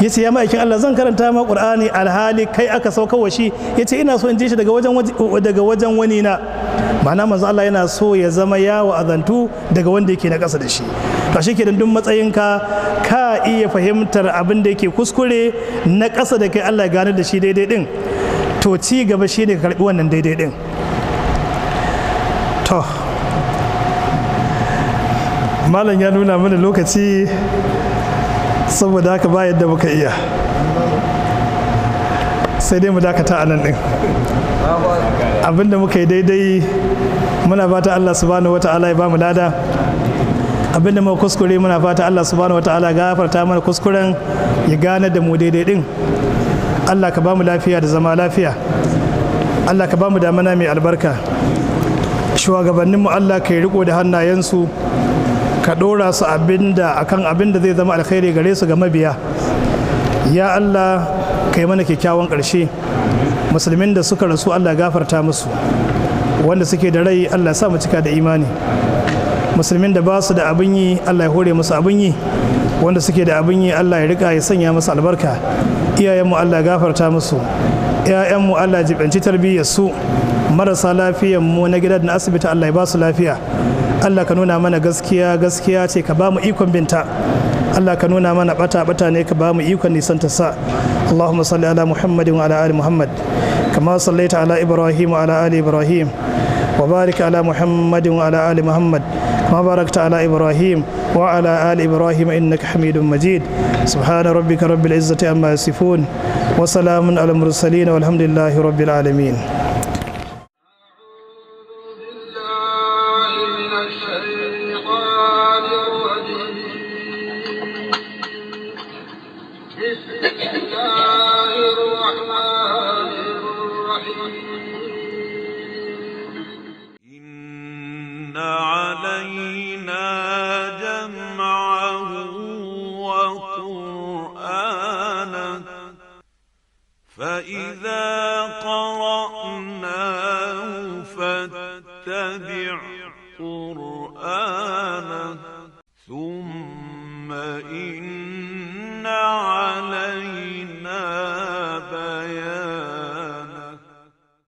ya ce ya ma'aikin Allah zan karanta ma ƙur'ani alhali kai aka sauka wa shi ya ce ina so in je shi daga wajen wani na ma'ana manzo Allah yana so ya zama yawo azantu daga wanda yake na ƙasa da shi to shi kenan duk matsayinka ka iya fahimtar abin da yake kuskure na ƙasa da kai Allah gane da shi daidai din to ci gaba shi ne ka karɓi wannan daidai din to malam ya nuna mana lokaci saboda haka ba yadda muka iya sai dai mu dakata a nan ɗin abinda muka yi daidai muna fata allah subhanahu wa ta'ala ya ba mu lada abinda muka kuskure muna fata allah subhanahu wa ta'ala gafarta mana kuskuren ya gane da mu daidai ɗin allah ka ba mu lafiya da zama lafiya allah ka ba mu damana mai albarka shugabanninmu allah ka yi riko da hannayensu ka ɗora su abinda akan abinda zai zama alkhairi gare su ga mabiya ya Allah kai mana kyakkyawan ƙarshe musulmin da suka rasu Allah gafarta musu wanda suke da rai Allah sa mu cika da imani musulmin da ba su da abin yi Allah ya hore musu abin yi wanda suke da abin yi Allah ya rika ya sanya musu albarka iyayenmu Allah gafarta musu ‘ya'yanmu Allah jibanci tarbiyyar su marasa lafiyar mu na gidan na asibiti Allah ya ba su lafiya Allah ka nuna mana gaskiya gaskiya ce ka ba mu ikon binta Allah ka nuna mana bata bata ne ka ba mu ikon nisan ta sa Allahumma salli ala Muhammadin wa ala ali Muhammad kama sallaita ala Ibrahim wa ala ali Ibrahim وبارك على محمد وعلى آل محمد كما باركت على إبراهيم وعلى آل إبراهيم إنك حميد مجيد سبحان ربك رب العزة عما يصفون وسلام على المرسلين والحمد لله رب العالمين